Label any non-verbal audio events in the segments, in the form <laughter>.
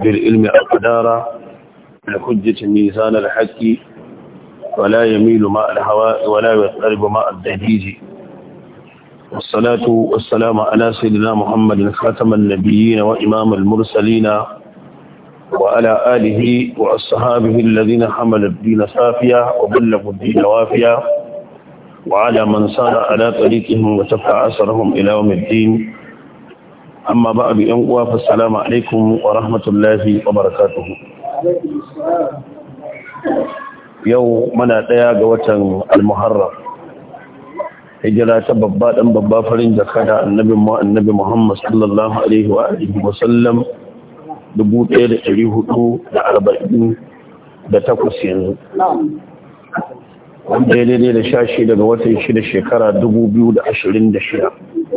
بالعلم أقدارا لحجة ميزان الحق ولا يميل ماء الهواء ولا يضطرب ماء الدهيج والصلاة والسلام على سيدنا محمد خاتم النبيين وإمام المرسلين وعلى آله وأصحابه الذين حملوا الدين صافيا وبلغوا الدين وافيا وعلى من سار على طريقهم وتبع أثرهم إلى يوم الدين amma ba abu yan uwa fa fassalamu alaikum wa rahmatullahi wa barakatuhu yau muna ɗaya ga watan al almuharram hijira ta babba ɗan babba farin da annabi annabin mu annabi muhammad sallallahu alaihi wa alihi wa sallam takwas yanzu wanda ya daidai da sha shi daga watan shida shekara 2026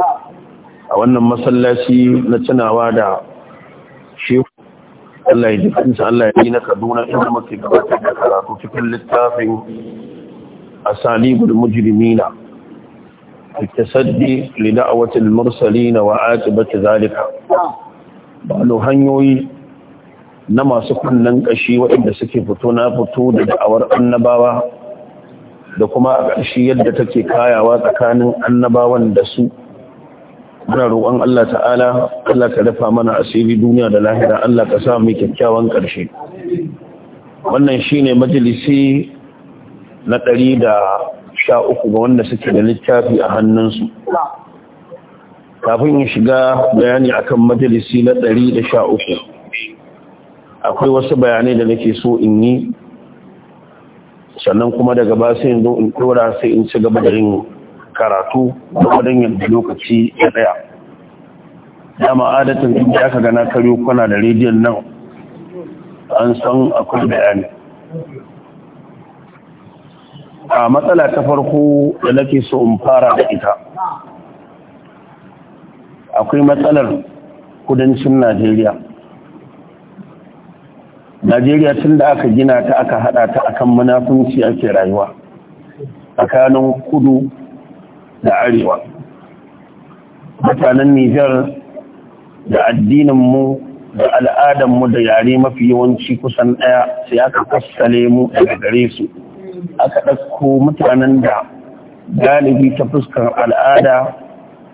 a wannan masallaci na tunawa da shehu Allah ya jikinsa Allah ya yi na Kaduna inda muke gabatar da karatu cikin littafin asalibul mujrimina التصدي لدعوة المرسلين وعاقبة zalika. balo hanyoyi na masu kunnen ƙashi waɗanda suke fito na fito da da'awar annabawa da kuma ƙarshe yadda take kayawa tsakanin annabawan da su muna roƙon Allah ta'ala Allah ka dafa mana asiri duniya da lahira Allah ka sa mu kyakkyawan ƙarshe wannan shine majalisi na ɗari da sha uku ga wanda suke da littafi a hannunsu kafin in shiga bayani akan majalisi na ɗari da sha uku akwai wasu bayanai da nake so in yi sannan kuma daga ba sai in zo in ɗora sai in ci gaba da yin karatu da wadan yadda lokaci ya tsaya dama adatan inda aka gana karyo kwana da rediyon nan an san akwai bayani a matsala ta farko da nake so in fara da ita akwai matsalar kudancin najeriya najeriya tun da aka gina ta aka hada ta akan munafunci ake rayuwa tsakanin kudu da arewa mutanen nijar da addininmu da al'adanmu da yare mafi yawanci kusan ɗaya sai aka fassale mu daga gare su aka ɗauko mutanen da galibi ta fuskar al'ada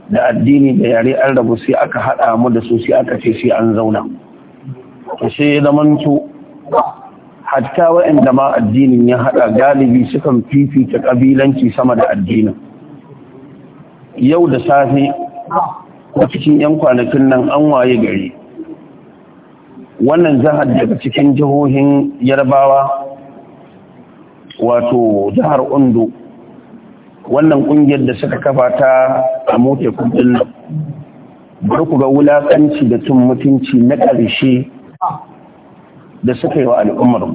da addini da yare an rabu sai aka haɗa mu da su sai aka ce sai an zauna sai ya zamanto hatta wa'anda ma addinin ya haɗa galibi sukan fifita kabilanci sama da addinin yau da safe a cikin 'yan kwanakin nan an waye gari wannan jihar daga cikin jihohin yarbawa wato jihar ondo wannan kungiyar da suka kafa ta a mota kudin nan bari ga wulakanci da tun mutunci na ƙarshe da suka yi wa al'ummar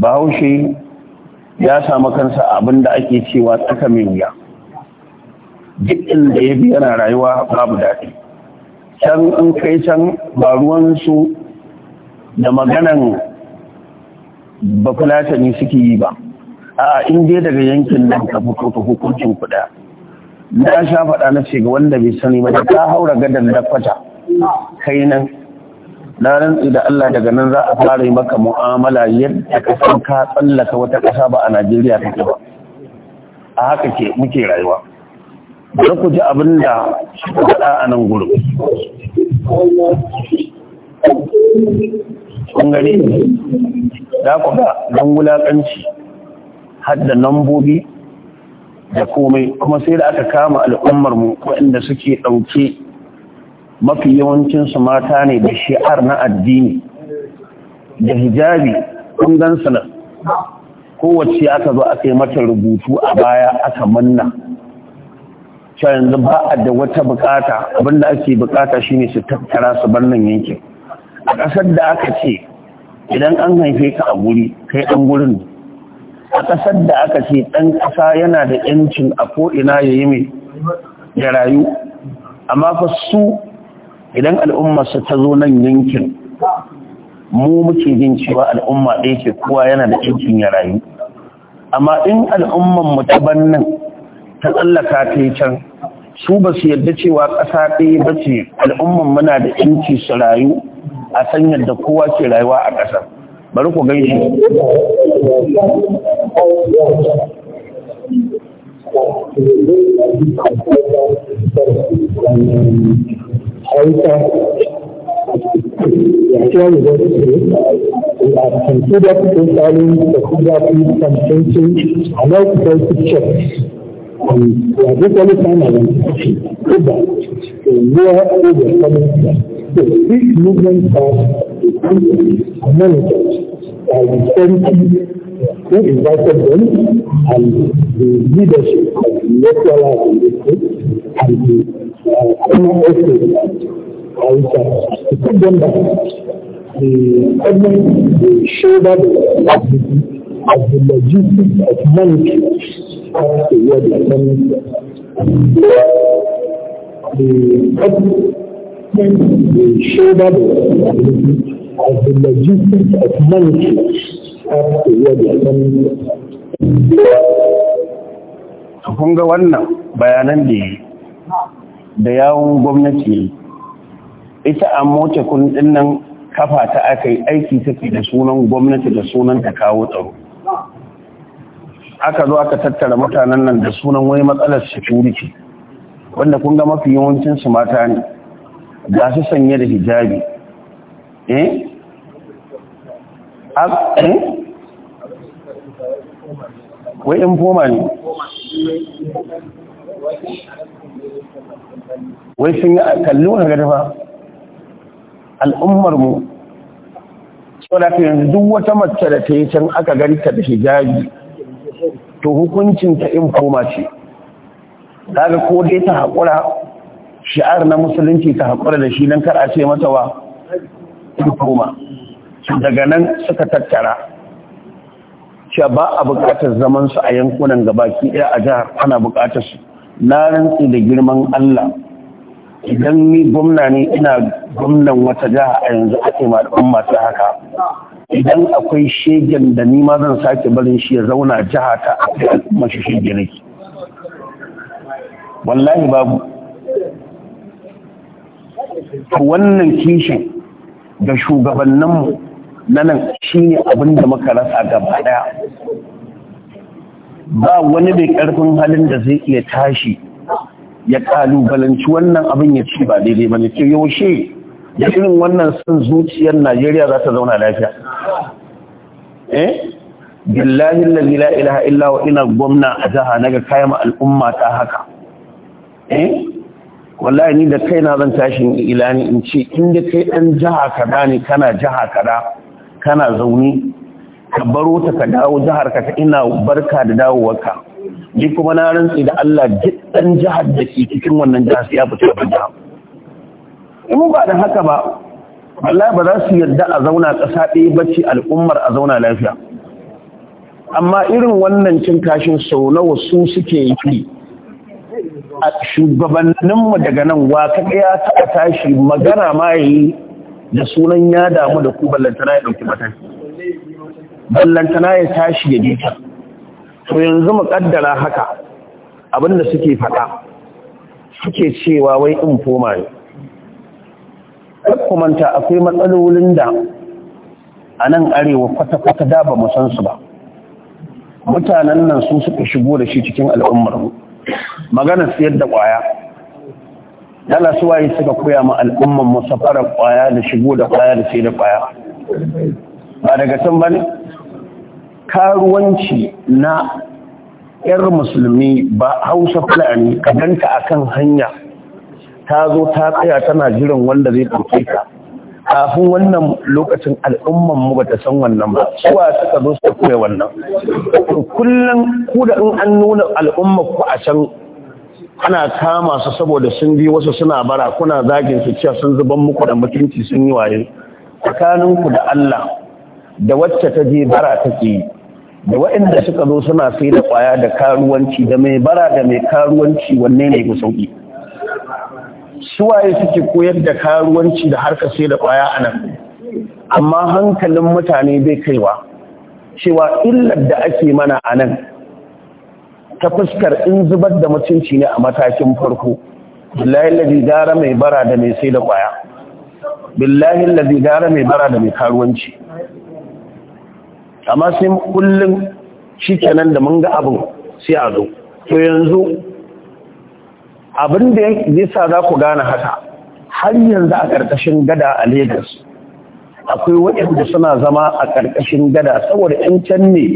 bahaushe ya samu kansa abin da ake cewa tsaka mai wuya duk inda ya bi yana rayuwa babu daɗi can in kai can ba ruwansu da maganan ne suke yi ba a in daga yankin nan ka fito ta hukuncin kuɗa na sha faɗa na ce ga wanda bai sani ba ta haura gadon dakwata kai nan na rantsi da Allah daga nan za a fara yi maka mu'amala yadda ka san ka tsallaka wata ƙasa ba a Najeriya take ba a haka ke muke rayuwa da ku ji abin da suka faɗa a nan gurin kun gani za ku ga don wulaƙanci hadda nambobi da komai kuma sai da aka kama al'ummarmu waɗanda suke ɗauke mafi yawancinsu mata ne da shi'ar na addini da hijabi kun gansu Kowacce kowace aka zo aka yi mata rubutu a baya aka manna cewa yanzu ba a da wata bukata da ake bukata shine su tattara su bar nan yankin a ƙasar da aka ce idan an haife ka a guri kai ɗan gurin a ƙasar da aka ce ɗan ƙasa yana da 'yancin a ko'ina ya yi mai ya rayu amma fa su idan su ta zo nan yankin mu muke jin cewa al'umma ɗaya ke kowa yana da ƴancin ya rayu amma in al'umman mu ta ta tsallaka ta yi can su ba su yarda cewa ƙasa ɗaya ba ce al'umman muna da yanci su rayu a san yadda kowa ke rayuwa a ƙasa bari ku gan shi and we are just only time as an option over to where over coming from. So these movements are monitored by the authority who invited them and the leadership of the local and the former uh, SAs to put them back. The government will shoulder the responsibility of the logistics of monitoring قصد يدكم the shoulder of the logistics of money up to where they are coming Da Kun ga wannan bayanan da da yawon gwamnati ita a mota kundin nan kafa ta aka yi aiki take da sunan gwamnati da sunan ta kawo tsaro. aka zo aka tattara mutanen nan da sunan wai matsalar security wanda kun ga mafi yawancin su mata ne ga su sanye da hijabi eh, eh? wai in foma ne wai sun yi kalli wani gada ba? al'ummar mu da yanzu duk wata mace da ta yi can aka gari ta da hijabi to hukuncin ta in koma ce daga ko dai ta haƙura shi'ar na musulunci ta haƙura da shi nan kar a ce mata wa in koma daga nan suka tattara cewa ba a buƙatar zaman a yankunan gabaki ɗaya a jihar ana buƙatar su na rantsi da girman Allah idan ni gwamna ne ina gwamnan wata jiha a yanzu ake ma da haka idan akwai shegen da ni ma zan sake barin shi ya zauna jiha ta akwai shege nake wallahi babu wannan kishin da shugabanninmu na nan shi ne abin da muka rasa gaba daya ba wani mai karfin halin da zai iya tashi ya kalubalanci wannan abin ya ci ba daidai ba ne ke yaushe da irin wannan sun zuciyar najeriya za ta zauna lafiya eh billahi lalli la ilaha illa wa ina gwamna a jaha naga kayan al'umma ta haka eh wallahi ni da kaina zan tashin ilani in ce inda kai ɗan jaha kada ne kana jaha kada kana zaune ka baro ta ka dawo jihar ka ina barka da dawowarka ni kuma na rantsi da Allah duk ɗan jihar da ke cikin wannan jihar sai ya fita da jihar in ba da haka ba Allah ba za su yadda a zauna ƙasa ɗaya bacci al'ummar a zauna lafiya amma irin wannan cin kashin sau nawa su suke yi a shugabanninmu daga nan wa ka ɗaya ta tashi magana ma yi da sunan ya damu da ku ballantana ya ɗauki matan ballantana ya tashi ya jita to yanzu mu ƙaddara haka abinda suke faɗa suke cewa wai in foma manta akwai matsalolin da a nan arewa kwata-kwata da ba san su ba mutanen nan su suka shigo da shi cikin al'ummar mu siyar da kwaya dala suwaye suka koya ma al'ummar mu safara kwaya da shigo da kwaya da sai da kwaya ba daga can bane karuwanci na 'yar musulmi ba hausa fulani ka danta akan hanya ta zo ta tsaya tana jiran wanda zai ɗauke ta kafin wannan lokacin al'umman mu bata san wannan ba suwa suka zo su koya wannan kullum ku da in an nuna al'umma ku a can ana kama su saboda sun bi wasu suna bara kuna zagin su cewa sun zuban muku da mutunci sun yi waye tsakanin ku da Allah da wacce ta je bara take yi da waɗanda suka zo suna sai da kwaya da karuwanci da mai bara da mai karuwanci wanne ne ku sauki suwaye suke koyar da karuwanci da harka sai da kwaya a nan amma hankalin mutane bai kaiwa cewa illar da ake mana a nan ta fuskar in zubar da mutunci ne a matakin farko billahi lalzi gara mai bara da mai sai da kwaya billahi lalzi gara mai bara da mai karuwanci amma sai kullum shi kenan da mun ga abin sai a zo to yanzu abin da yasa za ku gane haka har yanzu a ƙarƙashin gada a Legas akwai waɗanda suna zama a ƙarƙashin gada saboda in can ne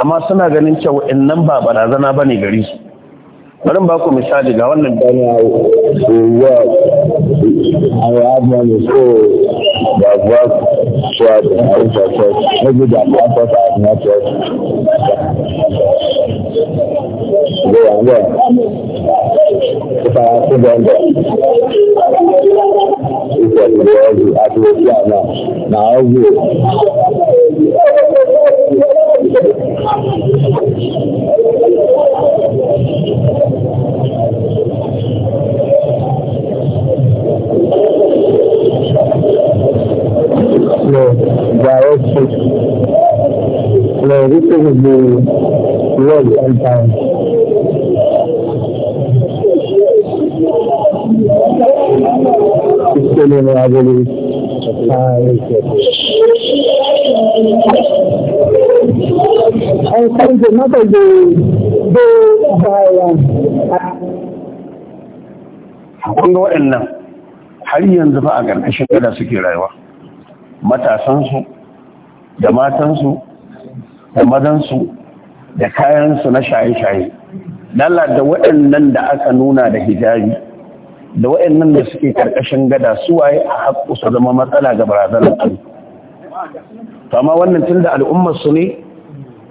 amma suna ganin cewa nan ba barazana bane gari su bari ba ku misali ga wannan dana ne so ba ba so not just go and go. If I have to go and go, if I go and go, I will go now. Now I will. No, direct the reason of the world and time. Sustaining our belief, and find another day, day by Kun ga waɗannan har yanzu ba a ƙarƙashin gada suke rayuwa, matasansu da matansu da mazansu da kayansu na shaye-shaye dala da waɗannan da aka nuna da hijabi da waɗannan da suke ƙarƙashin gada su waye a haƙƙu su zama matsala ga barazanar su. to amma wannan tun da al'ummar su ne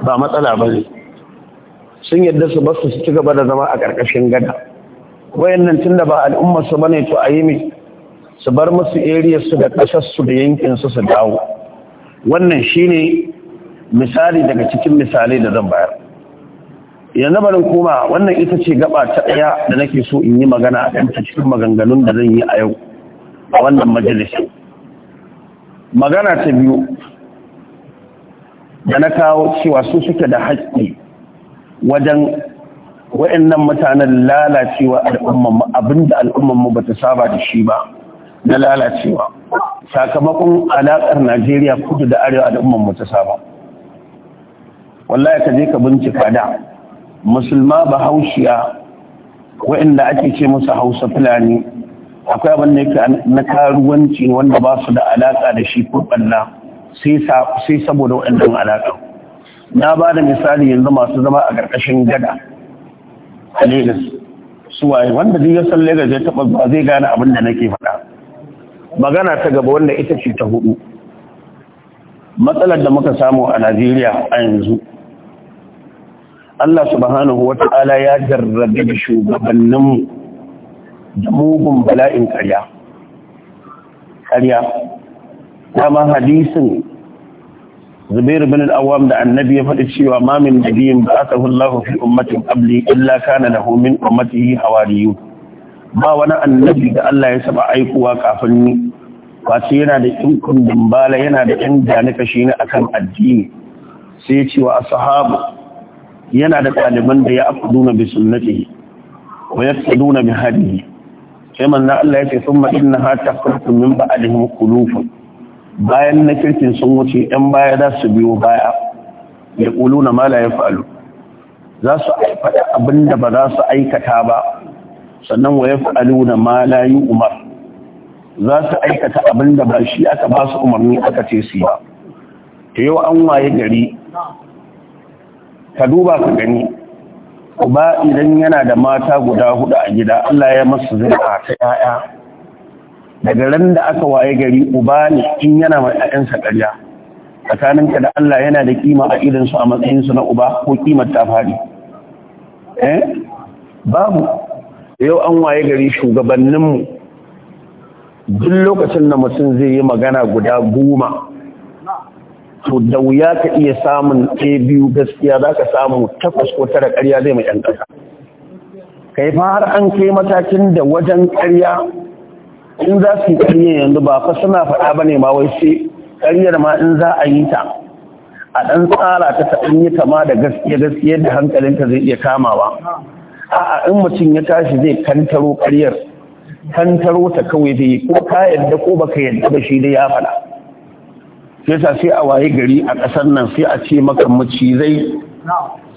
ba matsala ba ne sun yadda su basu su ci gaba da zama a ƙarƙashin gada wayannan tun da ba al'ummar su bane to a yi mai su bar musu area su da ƙasar su da yankin su su dawo wannan shine misali daga cikin misalai da zan bayar yanzu barin koma wannan ita ce gaba ta ɗaya da nake so in yi magana a ɗanta cikin maganganun da zan yi a yau a wannan majalisi magana ta biyu da na kawo cewa su suke da haƙƙi wajen nan mutanen lalacewa al'ummanmu abinda al'ummanmu ba ta saba da shi ba na lalacewa sakamakon alaƙar najeriya kudu da arewa al'ummanmu ta saba wallahi ka je ka bincika da musulma bahaushiya wa'inda ake ce musu hausa fulani akwai abin da yake na karuwanci wanda ba su da alaka da shi ko balla sai saboda waɗannan alaka na ba da misali yanzu masu zama a ƙarƙashin gada a Su waye wanda duk san Legas ya taɓa ba zai gane abin da nake faɗa magana ta gaba wanda ita ce ta hudu matsalar da muka samu a Najeriya a yanzu Allah subhanahu Wata'ala ta'ala ya jarrabe da shugabanninmu da mugun bala'in karya. Ƙarya, dama hadisin Zubair bin al'awam da annabi ya faɗi cewa mamin nabiyin ba aka hullahu fi ummatin ƙabli illa kana da homin ummatihi hawariyu. Ba wani annabi da Allah ya saba aikuwa kafin ni, wasu yana da ƴan kundin bala yana da ƴan jani kashi ne akan addini. Sai cewa a sahabu yana da ɗaliban da ya afduna bi sunnatihi wa yaftaduna bi hadihi sai manzo Allah ya ce thumma innaha taqrutu min ba'dihim qulufun bayan na kirkin sun wuce ɗan baya za su biyo baya ya ƙuluna ma la yaf'alu za su faɗa abin da ba za su aikata ba sannan wa na ma la umar? za su aikata abin da ba shi aka ba su umarni aka ce su ba ta yau an waye gari ka duba ka gani uba idan yana da mata guda hudu a gida Allah ya masu zuri'a ta yaya daga ran da aka waye gari uba ne in yana mai ƴaƴansa ƙarya ka da Allah yana da kima a idan su a matsayin su na uba ko kimar ta fadi eh babu yau an waye gari shugabanninmu duk lokacin da mutum zai yi magana guda goma to da wuya ka iya samun ɗaya biyu gaskiya za ka samu takwas ko tara ƙarya zai mai 'yan ƙasa kai fa har an kai matakin da wajen ƙarya in za su yi yanzu ba fa suna faɗa ba ne ma wai sai karyar ma in za a yi ta a ɗan tsara ta ta yi kama da gaskiya gaskiya da hankalinta zai iya kamawa a'a in mutum ya tashi zai kantaro karyar kantaro ta kawai zai yi ko ka yadda ko baka yadda ba shi da ya faɗa sai sa sai a waye gari a ƙasar nan sai a ce maka macizai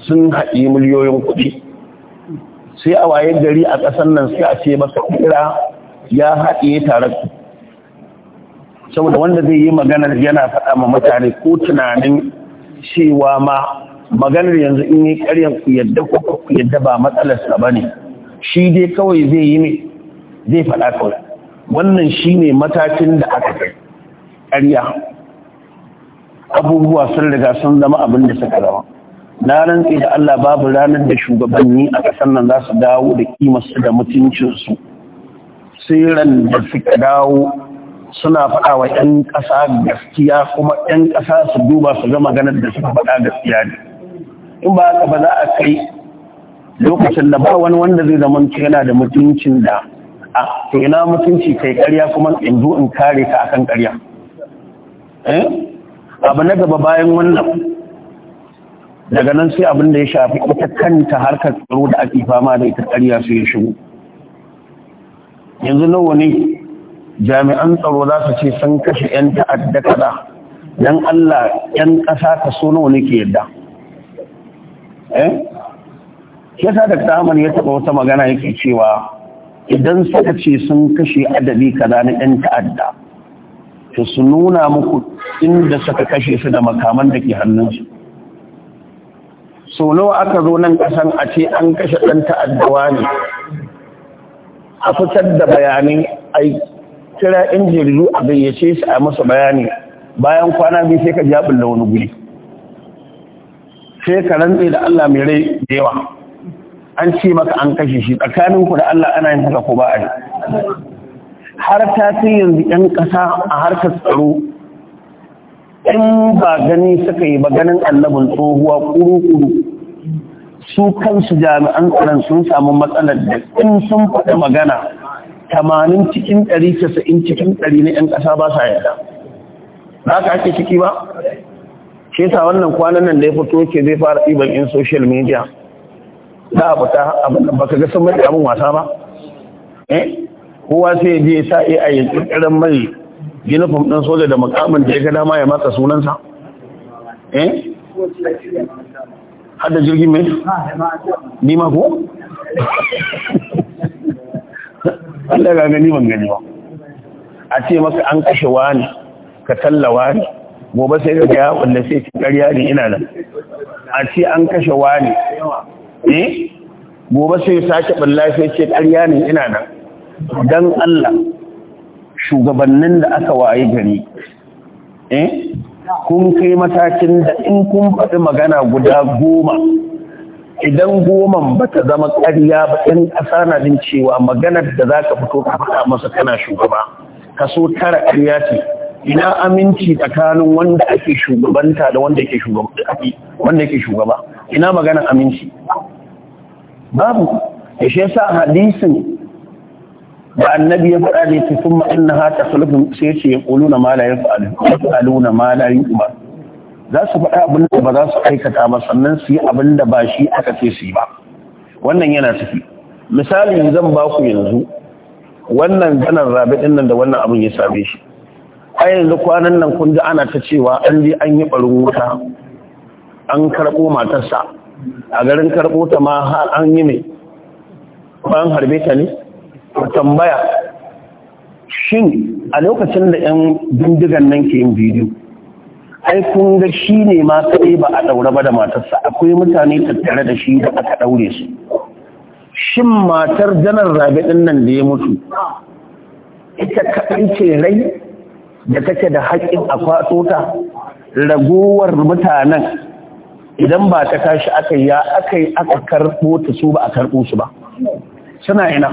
sun haɗi miliyoyin kuɗi sai a waye gari a ƙasar nan sai a ce maka kira ya haɗe tare saboda wanda zai yi maganar yana faɗa ma mutane ko tunanin cewa ma maganar yanzu in yi ƙaryar ku yadda ku yadda ba matsalarsa ba ne shi dai kawai zai yi ne zai faɗa kawai wannan shi ne matakin da aka kai ƙarya abubuwa sun riga sun zama abin da suka zama na rantse da Allah babu ranar da shugabanni a ƙasar nan za su dawo da kimarsu da mutuncinsu sai da suka dawo suna faɗa wa 'yan ƙasa gaskiya kuma 'yan ƙasa su duba su ga maganar da suka faɗa gaskiya ne in ba haka ba za a kai lokacin da ba wani wanda zai zama yana da mutuncin da a to ina mutunci kai karya kuma in zo in kare ka akan karya? eh abu na gaba bayan wannan daga nan sai abin da ya shafi ita kanta harkar tsaro da ake fama da ita ƙarya su ya shigo yanzu nawa ne jami'an tsaro za su ce sun kashe 'yan ta'adda kaza don allah 'yan ƙasa ka so nawa ne ke yadda eh yasa da tsaman ya taɓa wata magana yake cewa idan suka ce sun kashe adadi kaza na 'yan ta'adda to su nuna muku inda suka kashe su da makaman da ke hannunsu Sau nawa aka zo nan kasan a ce an kashe ɗan ta'addawa ne a fitar da bayanai a kira yan jaridu a gayyace su a masa bayani bayan kwana biyu sai ka jaɓin da wani guri sai ka rantse da Allah mai rai da yawa an ce maka an kashe shi tsakaninku da Allah ana yin haka ko ba a yi har ta fi yanzu 'yan ƙasa a harkar tsaro in ba gani suka yi ba ganin annabin tsohuwa kuru-kuru su kansu jami'an tsaron sun samu matsalar da in sun faɗi magana tamanin cikin ɗari cikin ɗari na 'yan ƙasa ba sa yada ba ka ake ciki ba ke sa wannan kwanan nan da ya fito ke zai fara ɗiban in social media za a fita abin da baka ga sun mai abin wasa ba eh kowa sai je sa a yi kirkiran mai uniform ɗin soja da makamin da ya ga dama ya matsa sunansa eh hada jirgin mai ni ma ko <laughs> Allah ga gani ban gani ba a ce maka an kashe wani ka talla ne gobe sai ga ya wanda sai ci ƙarya ne ina nan a ce an kashe wani eh gobe sai sake balla sai ce ƙarya ne ina nan don Allah shugabannin da aka waye gari eh kun kai matakin da in kun faɗi magana guda goma idan goman ba ta zama ƙarya ba in ƙasa na jin cewa maganar da za ka fito ka faɗa masa kana shugaba kaso tara ƙarya ce ina aminci tsakanin wanda ake shugabanta da wanda ke shugaba ina maganar aminci babu ya shi yasa hadisin da annabi ya faɗa da ce sun ma'anna ha ta sulufin sai ce ya ƙulu na mala ya fa'alu na mala ba za su faɗa abin da ba za su aikata ba sannan su yi abin da ba shi aka ce su yi ba wannan yana ciki misali zan ba ku yanzu wannan ganar rabe ɗin nan da wannan abin ya same shi a yanzu kwanan nan kun ji ana ta cewa an je an yi ɓarin wuta an karɓo matarsa a garin karɓo ta ma har an yi mai an harbe ta ne ku tambaya shin a lokacin da 'yan bindigan nan ke yin bidiyo ai kun ga shi ne ma kai ba a ɗaure ba da matarsa akwai mutane tattare da shi da aka ɗaure su shin matar janar rabe ɗin nan da ya mutu ita kaɗai ce rai da take da haƙƙin a kwato ta ragowar mutanen idan ba ta tashi aka yi aka karɓo ta su ba a karɓo su ba suna ina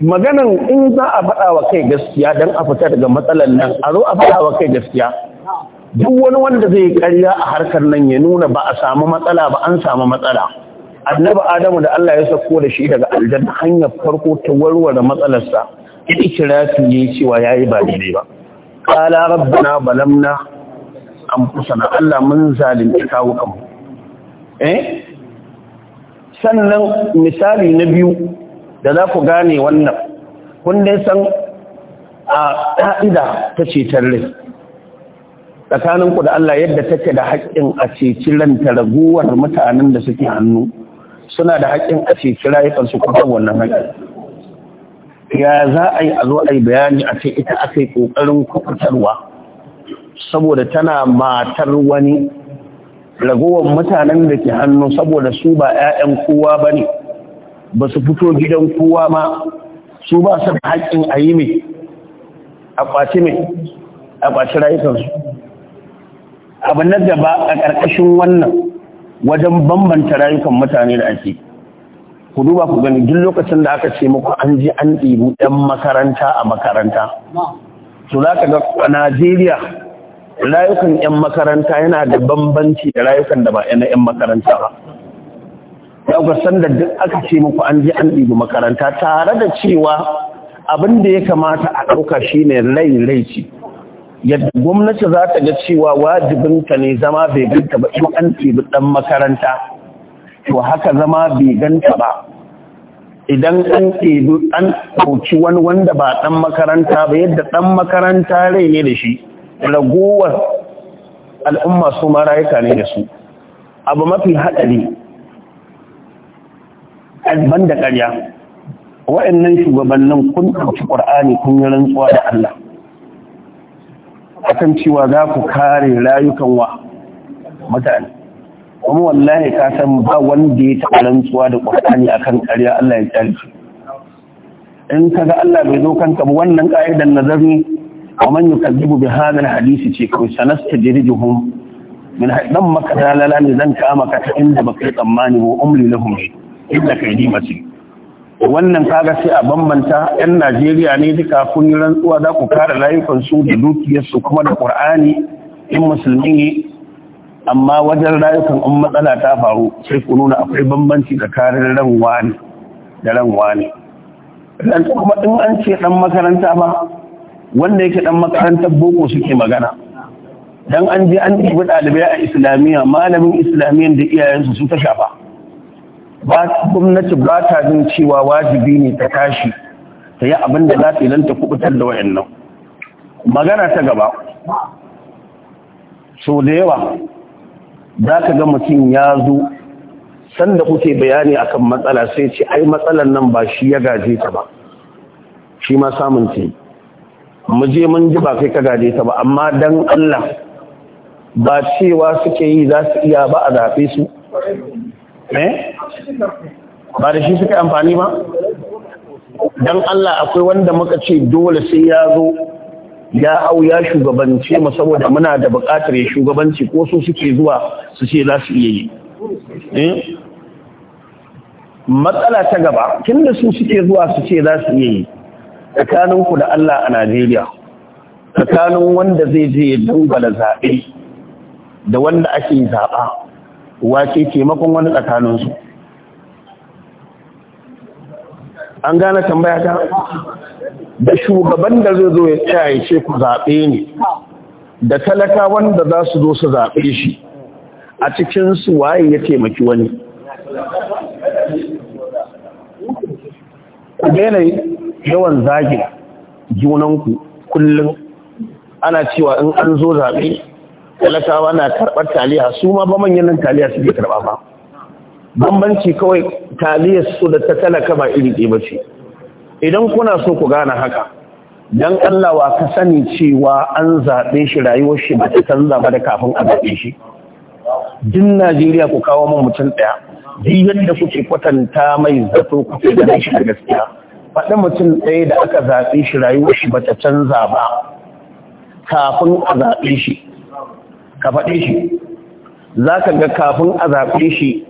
maganan in za a faɗa wa kai gaskiya don a fita daga matsalar nan a zo a faɗa wa kai gaskiya duk wani wanda zai karya a harkar nan ya nuna ba a samu matsala ba an samu matsala annabi adamu da Allah ya sako da shi daga aljanna hanyar farko ta warware matsalarsa ya kira su yayi cewa yayi ba daidai ba qala rabbana balamna anfusana Allah mun zalunci kawo kanmu eh sannan misali na biyu da za ku gane wannan kun dai san a ƙa'ida ta cetar rai tsakaninku da Allah yadda take da haƙƙin a ceci ranta raguwar mutanen da suke hannu suna da haƙƙin a ceci rayukansu kuma wannan haƙƙin ya za a yi a zo a yi bayani a ce ita aka yi ƙoƙarin kuɓutarwa saboda tana matar wani ragowar mutanen da ke hannu saboda su ba 'ya'yan kowa ba ne ba su fito gidan kowa ma su ba su haƙƙin a yi mai a ƙwace mai a ƙwace rayukansu abu da gaba a ƙarƙashin wannan wajen bambanta rayukan mutane da ake ku duba ku gani duk lokacin da aka ce muku an ji an ɗibu ɗan makaranta a makaranta su za ka ga a najeriya rayukan 'yan makaranta yana da bambanci da rayukan da ba 'yan makaranta ba san da duk aka ce muku an ji an ɗibi makaranta tare da cewa abin da ya kamata a ɗauka shine ne rai ce yadda gwamnati za ta ga cewa wajibinta ne zama bai ganta ba in an ɗibi ɗan makaranta to haka zama bai ganta ba idan an ɗibi an ɗauki wani wanda ba ɗan makaranta ba yadda ɗan makaranta rai ne da shi ragowar al'umma su ma rayuka ne da su abu mafi haɗari ban da ƙarya wa'annan shugabannin kun ɗauki ƙur'ani kun yi rantsuwa da Allah akan cewa za ku kare rayukan wa mutane kuma wallahi ka san ba wanda ya taɓa rantsuwa da ƙur'ani akan ƙarya Allah ya tsare in ka ga Allah bai zo kanka ba wannan ƙa'idar nazari wa man yukazzibu bi hadisi ce kawai sanastajrijuhum min haɗin maka dalala ne zan kama ka ta inda baka yi tsammani ba. Umri lahum shi inda kai ni mace wannan kaga sai a bambanta yan Najeriya ne duka kun yi rantsuwa za ku kare rayukan su da dukiyar su kuma da Qur'ani in musulmi ne amma wajen rayukan in matsala ta faru sai ku nuna akwai bambanci kare ran wani da ran wani dan kuma in an ce dan makaranta ba wanda yake dan makarantar boko suke magana dan an je an ɗibi dalibai a islamiyya malamin islamiyan da iyayensu su ta shafa gwamnati ba ta jin cewa wajibi ne ta tashi ta yi abin da za ta yi ta kubutar da nan magana ta gaba so da yawa za ka ga mutum ya zo sanda kuke bayani akan matsala sai ce ai matsalan nan ba shi ya gaje ta ba shi ma samun ce mu je mun ji ba kai ka gaje ta ba amma don Allah ba cewa suke yi za su iya ba a zaɓe su eh ba da shi suka amfani ba dan Allah akwai wanda muka ce dole sai ya zo ya hau ya shugabance mu saboda muna da buƙatar ya shugabanci ko su suke zuwa su ce za su iya yi eh? matsala ta gaba tunda su suke zuwa su ce za su iya yi tsakanin ku da Allah a Najeriya tsakanin wanda zai je ya dangala zaɓe da wanda ake zaɓa wace taimakon wani tsakaninsu an gane tambaya ta da shugaban da zai zo ya tsaye ce ku zaɓe ne da talaka wanda za su zo su zaɓe shi a cikinsu waye ya taimaki wani ku daina yawan zagin junanku kullum ana cewa in an zo zaɓe talakawa na karɓar taliya su ma ba manyan nan taliya suke karɓa ba bambanci kawai taliyar su da ta talaka ba iri ɗaya ba ce idan kuna so ku gane haka dan Allah wa ka sani cewa an zaɓe shi rayuwar shi ba ta canza ba da kafin a zaɓe shi din Najeriya ku kawo min mutum ɗaya duk yadda kuke kwatanta mai zato kuke ganin shi da gaskiya faɗi mutum ɗaya da aka zaɓe shi rayuwar shi ba ta canza ba kafin a zaɓe shi ka faɗe shi za ka ga kafin a zaɓe shi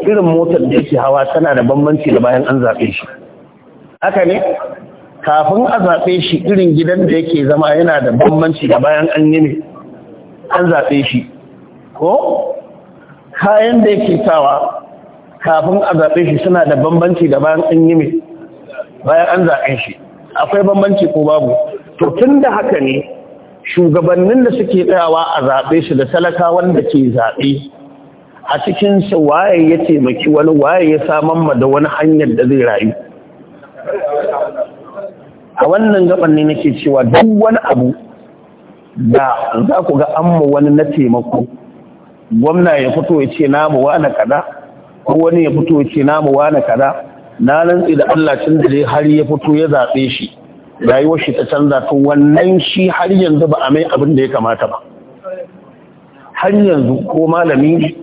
irin motar da yake hawa tana da bambanci da bayan an zaɓe shi haka ne kafin a zaɓe shi irin gidan da yake zama yana da bambanci da bayan an yi ne an zaɓe shi ko kayan da yake sawa kafin a zaɓe shi suna da bambanci da bayan an yi ne bayan an zaɓe shi akwai bambanci ko babu to tun da haka ne shugabannin da suke tsayawa a zaɓe su da talaka wanda ke zaɓe a cikin su waye ya taimaki wani waye ya saman ma da wani hanyar da zai rayu a wannan gaban ne nake cewa duk wani abu da za ku ga an wani na taimako gwamna ya fito ya ce namu wa na kada ko wani ya fito ya ce namu wa na kada na nan da Allah tun da har ya fito ya zaɓe shi rayuwar shi ta canza to wannan shi har yanzu ba a mai abin da ya kamata ba har yanzu ko malami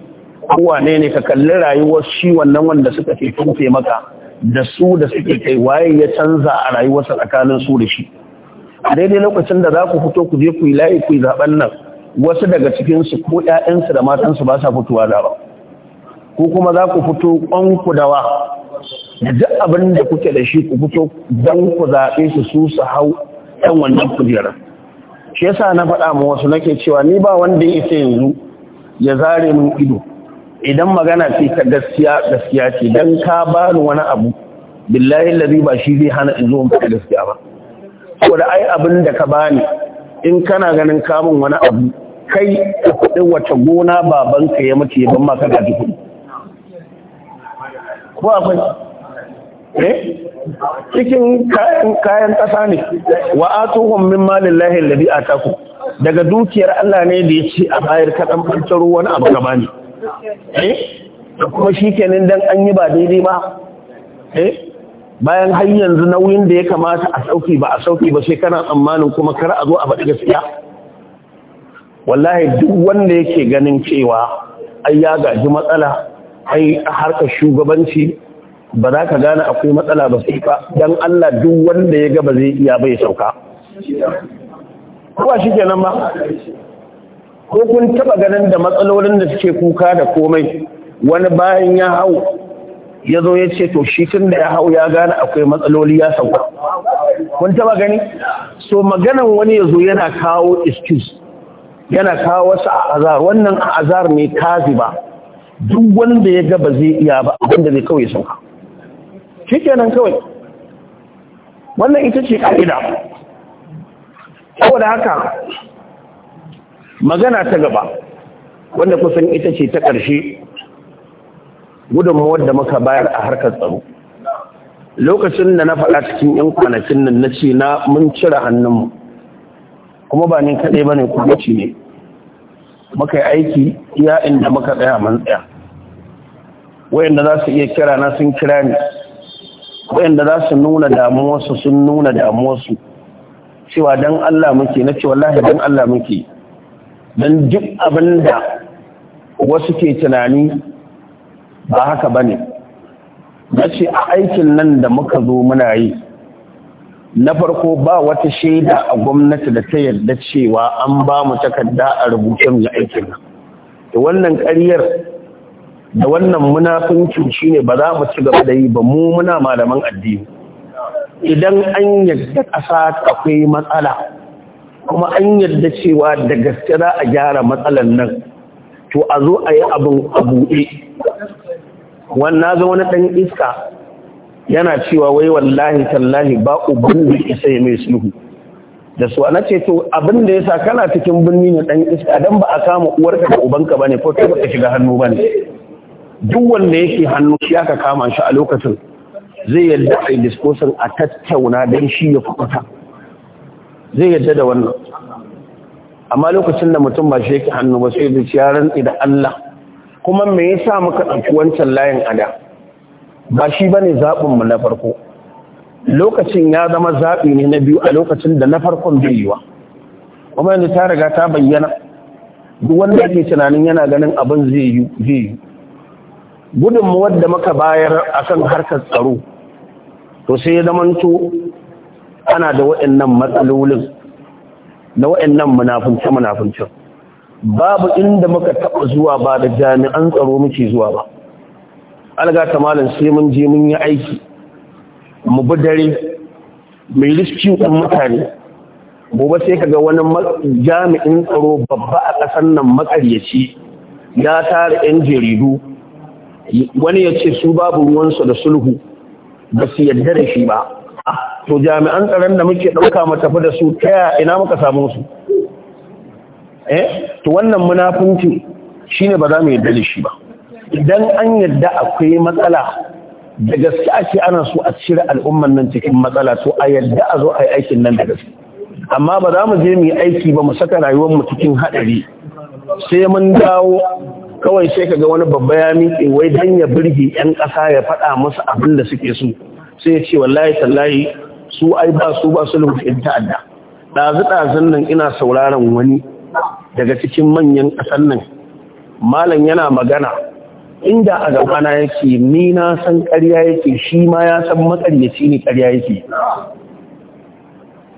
ko wane ne ka kalli rayuwar shi wannan wanda suka ke tufe maka da su da suke kai waye ya canza a rayuwarsa tsakanin su da shi a daidai lokacin da za ku fito ku je ku yi layi ku yi zaben nan wasu daga cikinsu ko 'ya'yansu da matansu ba sa fitowa ba, ko kuma za ku fito ƙwanku da wa duk abin da kuke da shi ku fito don ku zaɓe su su su hau ɗan wannan kujerar shi yasa na faɗa ma wasu nake cewa ni ba wanda ya isa yanzu ya zare min ido idan magana ce ta gaskiya gaskiya ce dan ka ba ni wani abu billahi lazi ba shi zai hana in zo in faɗi gaskiya ba da ai abin da ka bani in kana ganin kamun wani abu kai ka kuɗi wata gona babanka ya mace ban ma gaji kuɗi ko akwai Eh? cikin kayan ƙasa ne wa atuhum min malin lahi alladhi ataku daga dukiyar Allah ne da ya ce a bayar kaɗan farcaro wani abu gaba ne eh? da kuma shi kenan dan an yi ba daidai ba eh? bayan har yanzu nauyin da ya kamata a sauki ba a sauki ba sai kana tsammanin kuma kar a zo a faɗi gaskiya wallahi duk wanda yake ganin cewa ai ya gaji matsala ai a harkar shugabanci ba za ka gane akwai matsala ba sai ba Don Allah duk wanda ya gaba zai iya bai sauka kowa shi kenan ba ko kun taba ganin da matsalolin da suke kuka da komai wani bayan ya hau ya zo ya ce to shi tun da ya hau ya gane akwai matsaloli ya sauka kun taba gani so maganan wani ya zo yana kawo excuse yana kawo wasu azar wannan azar mai kazi ba duk wanda ya gaba zai iya ba abinda zai kawai sauka shikenan kawai wannan ita ce ƙa'ida saboda haka magana ta gaba wanda kusan ita ce ta ƙarshe gudunmawar da muka bayar a harkar tsaro lokacin da na faɗa cikin 'yan kwanakin nan na ce na mun cire hannunmu kuma ba ni kaɗai ba ne kudaci ne muka yi aiki iya inda muka tsaya mun tsaya wayanda za su iya kira na sun kira ni waɗanda za su nuna damuwarsu sun nuna damuwarsu cewa don Allah muke na cewa lahi don Allah muke don duk abin da wasu ke tunani ba haka ba ne, na ce a aikin nan da muka zo muna yi na farko ba wata shaida a gwamnati da ta yarda cewa an ba mu takarda a rubutun ga aikin nan wannan ƙaryar da wannan munafincin shine ba za mu ci gaba da yi ba mu muna malaman addini idan an yadda ƙasa akwai matsala kuma an yadda cewa da gaske za a gyara matsalan nan to a zo a yi abin a wannan zo wani ɗan iska yana cewa wai wallahi tallahi ba ku da isa ya mai sulhu da su ana ce to abin da ya sa kana cikin birni ne ɗan iska don ba a kama uwarka da ubanka ba ne ko ta shiga hannu ba ne duk wanda yake hannu shi aka kama shi a lokacin zai yadda a yi diskosin a tattauna don shi ya kubuta zai yadda da wannan amma lokacin da mutum ba shi yake hannu ba sai zuci yaran idan Allah kuma me sa muka ɗauki wancan layin ada ba shi ba zaɓin mu na farko lokacin ya zama zaɓi ne na biyu a lokacin da na farkon bai wa? kuma yanzu ta riga ta bayyana duk wanda yake tunanin yana ganin abin zai yi Gudunmu wadda muka bayar a kan harkar tsaro to sai ya zamanto ana da waɗannan matsalolin na waɗannan munafunce munafuncin babu inda muka taɓa zuwa ba da jami'an tsaro muke zuwa ba alga ta malam sai mun je mun yi aiki mu bi dare mai riski ɗan mutane gobe sai kaga wani jami'in tsaro babba a ƙasar nan makaryaci ya tara 'yan jaridu wani ya ce su babu ruwansu da sulhu ba su yadda da shi ba ah, to jami'an tsaron da muke ɗauka matafi da su ta ina muka samu su eh to wannan munafunci shine ba za mu yadda da shi ba idan an yadda akwai matsala da gaske ake ana so a cire al'umman nan cikin matsala to a yadda a zo a yi aikin nan da gaske amma ba za mu je mu yi aiki ba mu saka rayuwar mu cikin haɗari sai mun dawo kawai sai ka ga wani babba ya miƙe wai dan ya birge yan ƙasa ya faɗa masa abin da suke so sai ya ce wallahi tallahi su ai ba su ba su lubuɗin ta'adda ɗazu ɗazun nan ina sauraron wani daga cikin manyan ƙasar nan malam yana magana inda a gabana yake ni na san ƙarya yake shi ma ya san makaryaci ne ƙarya yake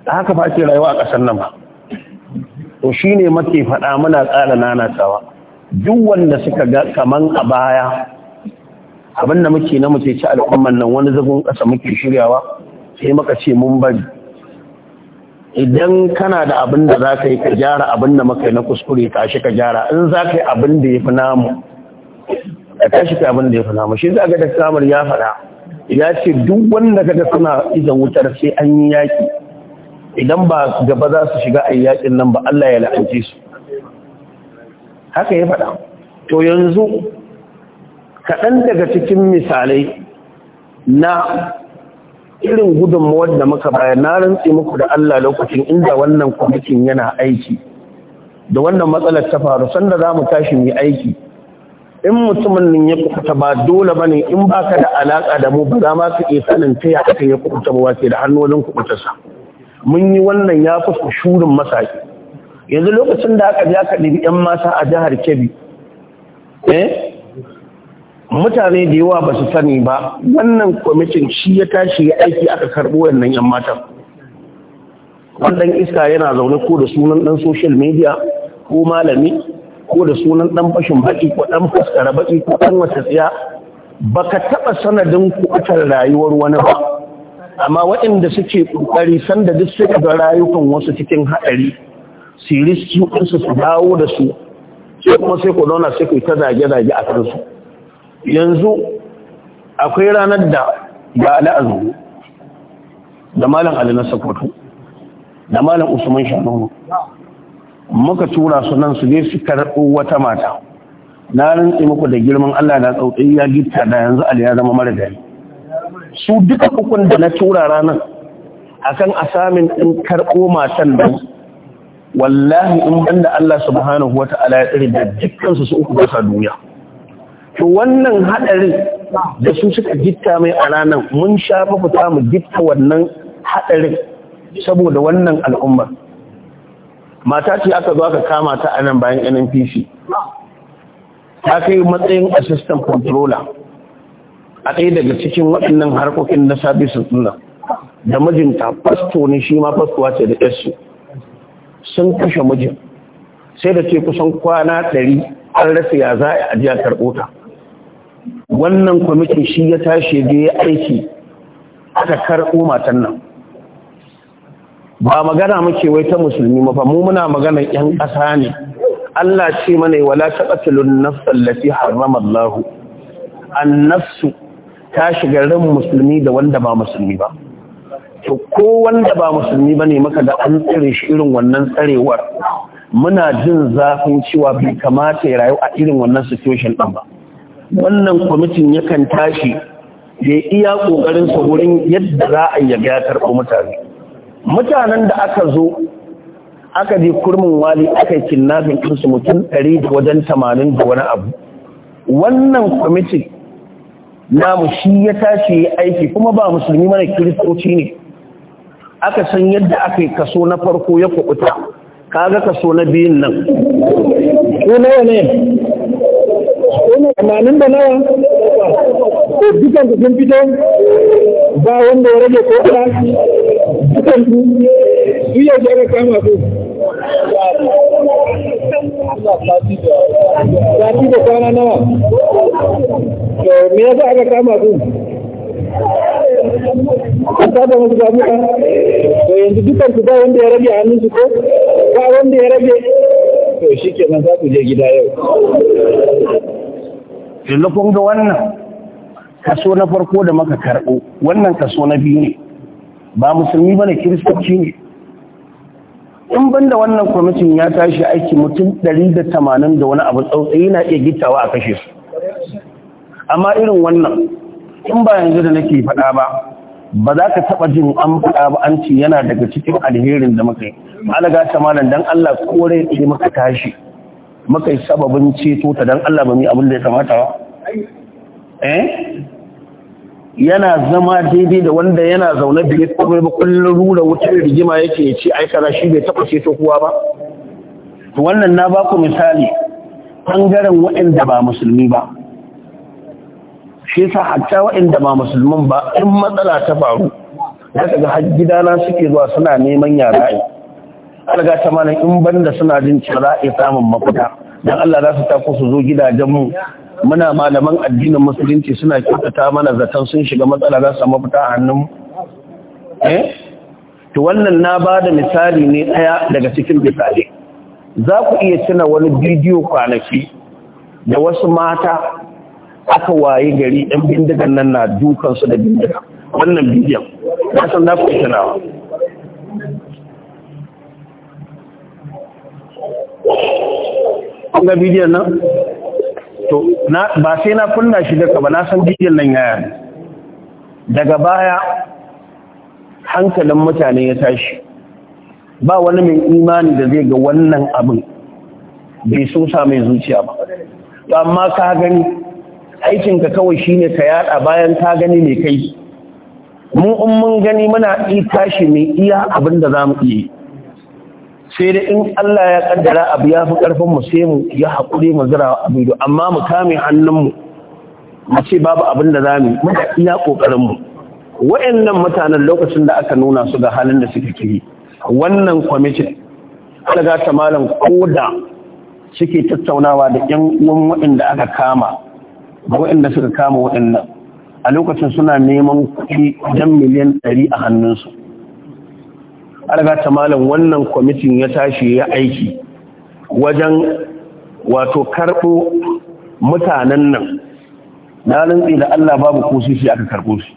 da haka fa ce rayuwa a ƙasar nan ba to shine muke faɗa muna ƙara nanatawa duk wanda suka ga kaman a baya abin da muke na muke ci al'umman nan wani zagon ƙasa muke shiryawa sai maka ce mun bari idan kana da abin da za ka yi ka gyara abin da maka yi na kuskure ka shi ka gyara in za ka yi abin da ya fi namu ka tashi ka abin da ya fi namu shi za ka da samar ya faɗa ya ce duk wanda ka ga suna izan wutar sai an yi yaƙi idan ba gaba za su shiga a yaƙin nan ba Allah ya la'ance su haka ya faɗa to yanzu kaɗan daga cikin misalai na irin gudunmawar da muka bayar na rantse muku da Allah lokacin inda wannan kwamitin yana aiki da wannan matsalar ta faru sanda za mu tashi mu aiki in mutumin nan ya kuta ba dole bane in ba ka da alaƙa da mu ba za ma ka iya sanin ta ya aka ya kukuta ba wace da hannunin kukutarsa mun yi wannan ya kusa shurin masaki yanzu lokacin da aka ja ka ɗibi 'yan mata a jihar kebbi eh, mutane da yawa ba su sani ba wannan kwamitin shi ya tashi ya aiki aka karɓo wannan 'yan matan wannan iska yana zaune ko da sunan ɗan social media ko malami ko da sunan ɗan fashin baƙi ko ɗan faskara baƙi ko ɗan wata tsiya ba ka taɓa sanadin kuɓutar rayuwar wani ba amma waɗanda suke ƙoƙari sanda duk suka ga rayukan wasu cikin haɗari su yi riski ɗinsu su dawo da su sai kuma sai ku zauna sai ku yi ta zage-zage a kansu yanzu akwai ranar da ga ala'azu da malam ali na sokoto da malam usman shanonu muka tura su nan su je su karɓo wata mata na rantsi muku da girman Allah na tsautsayi ya gita da yanzu Ali ya zama mara gari su duka ukun da na tura ranar akan asamin ɗin karɓo matan da wallahi in banda Allah subhanahu wa ta'ala ya tsare da dukkan su uku ba duniya to wannan hadarin da su suka gitta mai a ranar mun sha mafuta mu gitta wannan hadarin saboda wannan al'umma mata ce aka zo aka kama ta a nan bayan NNPC ta kai matsayin assistant controller a ɗaya daga cikin waɗannan harkokin na sabisun suna da mijinta fasto ne shi ma fastowa ce da yarsu sun kashe mijin sai da ce kusan kwana ɗari an rasa ya za a ajiya karɓo wannan kwamitin shi ya tashi da ya aiki aka karɓo matan nan ba magana muke wai ta musulmi ba mu muna magana 'yan ƙasa ne Allah ce mana wala taqtulun nafsal lafi harrama Allah an-nafsu ta shiga ran musulmi da wanda ba musulmi ba to ko wanda ba musulmi bane maka da an tsare shi irin wannan tsarewar muna jin zafin cewa bai kamata ya rayu a irin wannan situation din ba wannan kwamitin yakan tashi ya iya kokarin sa wurin yadda za a yi ya karɓo mutane mutanen da aka zo aka je kurmin wali aka yi kinnafin kansu mutum ɗari da wajen tamanin da wani abu wannan kwamitin namu shi ya tashi aiki kuma ba musulmi mana kiristoci ne aka san yadda aka yi kaso na farko ya k'a ga kaso na biyun nan ko nawa ne tamanin da nawa ko dukkan da sun fito ba wanda ya rage ko ɗaya dukkan su su yau da kama ko? sati da kwana nawa ya me yasa aka kama ko? an saba musu jami'a to yanzu dukan ku ba wanda ya rabe hannun su ko ba wanda ya rabe to shi kenan za ku je gida yau yanzu kun ga wannan kaso na farko da maka karɓo wannan kaso na biyu ne ba musulmi ba ne kiristoci ne in banda wannan kwamitin ya tashi aiki mutum 180 da wani abu tsautsayi na iya gittawa a kashe su amma irin wannan in ba yanzu da nake faɗa ba ba za ka taɓa jin an faɗa ba an ce yana daga cikin alherin da muka yi alaga ta malam dan Allah kore ne muka tashi muka yi sababin ceto ta dan Allah ba mu abin da ya kamata ba eh yana zama daidai da wanda yana zaune da ya ba kullun rura wutar rigima yake ya ce ai kaza shi bai taɓa ceto kowa ba to wannan na ba ku misali bangaren waɗanda ba musulmi ba shi yasa hatta waɗanda ba musulman ba in matsala ta faru da kaga har gidana suke zuwa suna neman yara ai alga ta mana in ban da suna jin cewa ai samun mafita don Allah za su tako su zo gidajenmu, muna malaman addinin musulunci suna kyautata mana zaton sun shiga matsala za su samu mafita a hannun eh to wannan na ba da misali ne ɗaya daga cikin misali za ku iya tuna wani bidiyo kwanaki da wasu mata aka waye gari ɗan bindigan nan na dukansu da bindiga wannan bidiyon ya san na kuwa tunawa ga bidiyon nan to ba sai na kunna shi daga ba na san bidiyon nan yaya daga baya hankalin mutane ya tashi ba wani mai imani da zai ga wannan abin bai so mai zuciya ba amma ka gani aikinka kawai shi ne ka yada bayan ka gani ne kai mu in mun gani muna yi tashi mai iya abin da za mu iya sai dai in Allah ya kaddara abu ya fi karfin mu sai mu ya haƙuri mu zira abu da amma mu kame hannunmu mu ce babu abin da za mu muna iya kokarin mu wayannan mutanen lokacin da aka nuna su ga halin da suke ciki wannan kwamitin daga ta malam koda suke tattaunawa da ƴan uwan waɗanda aka kama waɗanda suka kama waɗannan a lokacin suna neman kuɗi dan miliyan ɗari a hannunsu A ta malam wannan kwamitin ya tashi ya aiki wajen wato karɓo mutanen nan na rantsi da Allah babu ko shi aka karɓo shi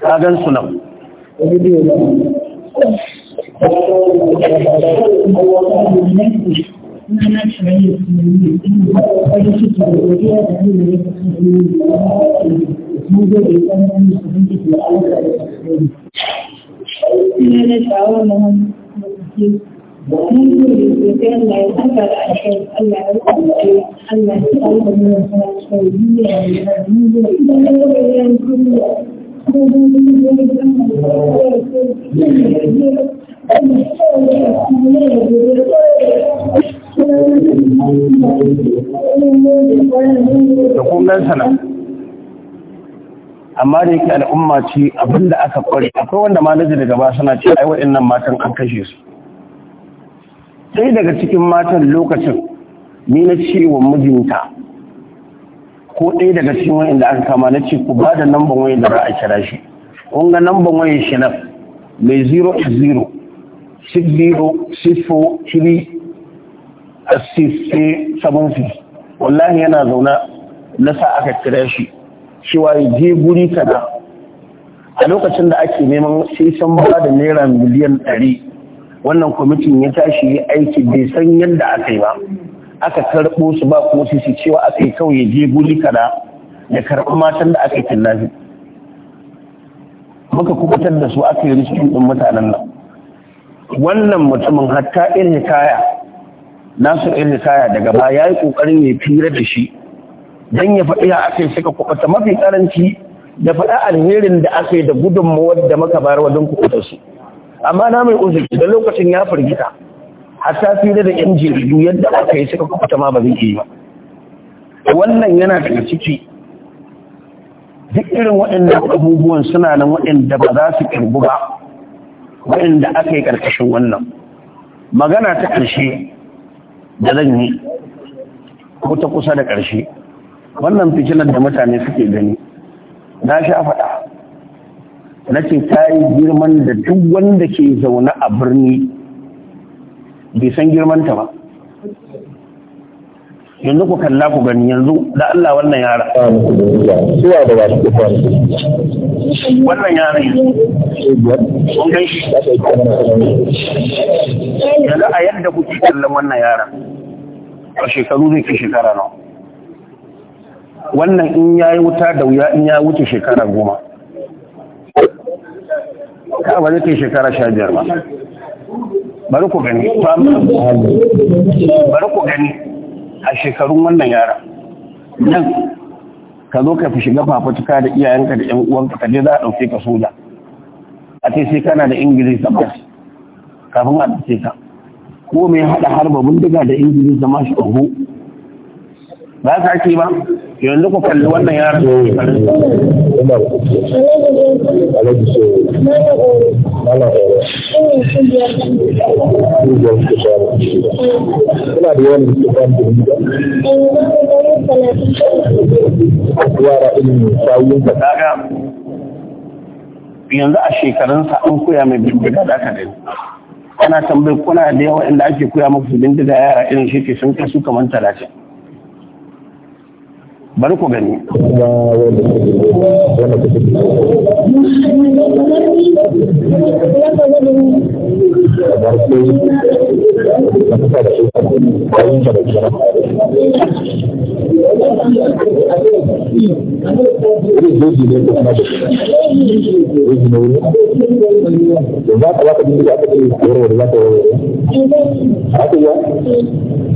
ƙagen su nan na na shayi tunani in ba kai shi da godiya da Allah ya san ni mu ga da kan nan da kun ji da Allah da kai ina da shawo nan mun ji da kai Allah ya saka da kai Allah ya saka Allah ya saka mu da shayi ne da mu da kai da mu da da kungan sana amma da yake al'umma ce abinda aka kware akwai wanda ma naji daga ba suna ce ai waɗannan matan an kashe su sai daga cikin matan lokacin ni na ce wa mijinta ko ɗaya daga cikin da aka kama na ce ku ba da namban wayan da za a kira shi kun ga namban wayan shi nan mai 0 0 zero sifo four three six wallahi yana zauna na sa aka kira shi Shi cewa je guri kaza a lokacin da ake neman sai san ba da naira miliyan ɗari wannan kwamitin ya tashi ya aiki bai san yadda aka yi ba aka karɓo su ba kuma su cewa aka yi kawai je guri kada ya karɓi matan da aka yi tallafi muka kubutar da su aka yi rishin ɗin mutanen nan wannan mutumin hatta irin hikaya nasu irin hikaya daga ba ya yi ƙoƙarin ya fira da shi don ya faɗi a kai suka kuɓata mafi karanci da faɗa alherin da aka yi da gudunmawar da maka bayar wa don kuɓata su amma na mai uzuri da lokacin ya firgita hatta fira da yan jiridu yadda aka yi suka kuɓata ma ba zai yi ba wannan yana daga ciki duk irin waɗannan abubuwan suna nan waɗanda ba za su ƙirgu ba waɗanda aka yi ƙarƙashin wannan magana ta ƙarshe da zan yi ko ta kusa da ƙarshe wannan fitilar da mutane suke gani na sha faɗa na ce ta yi girman da duk wanda ke zaune a birni bai san girmanta ba yanzu ku kalla ku gani yanzu da Allah wannan yara suwa da wasu ku fara wannan yara yi. yanzu a yadda kuke kallon wannan yara a shekaru zai ke shekara nawa wannan in ya yi wuta da wuya in ya wuce shekara goma ka ba zai kai shekara sha biyar ba bari ku gani bari ku gani a shekarun wannan yara nan ka zo ka fi shiga fafutuka da iyayenka da yan uwanka ka je za a ɗauke ka soja a ce sai kana da ingilishi tabbas kafin a ɗauke ka ko mai haɗa harba bindiga da ingilishi da mashi ɗago ba ka ake ba yanzu ku kalli wannan yaran da Kuna da yawan littafin da Yara ilimin sawun ka kaga yanzu a shekarunsa an koya mai bindiga da aka dai. Ana tambayi kuna da yawa inda ake koya mafi bindiga yara irin shi ke sun kai su kamar talatin. b a r u ku gani Za a n k yi, z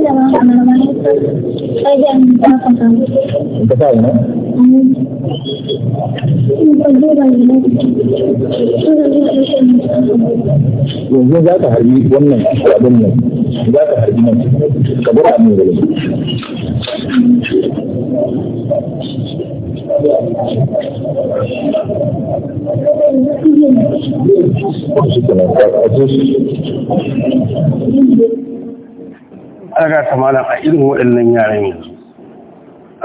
Ayan, nakakasama. Kasama, no? Yanzu za ka harbi wannan abin nan, za ka harbi nan, ka bar abin gari. Thank you. aga ta malam a irin waɗannan yaran yanzu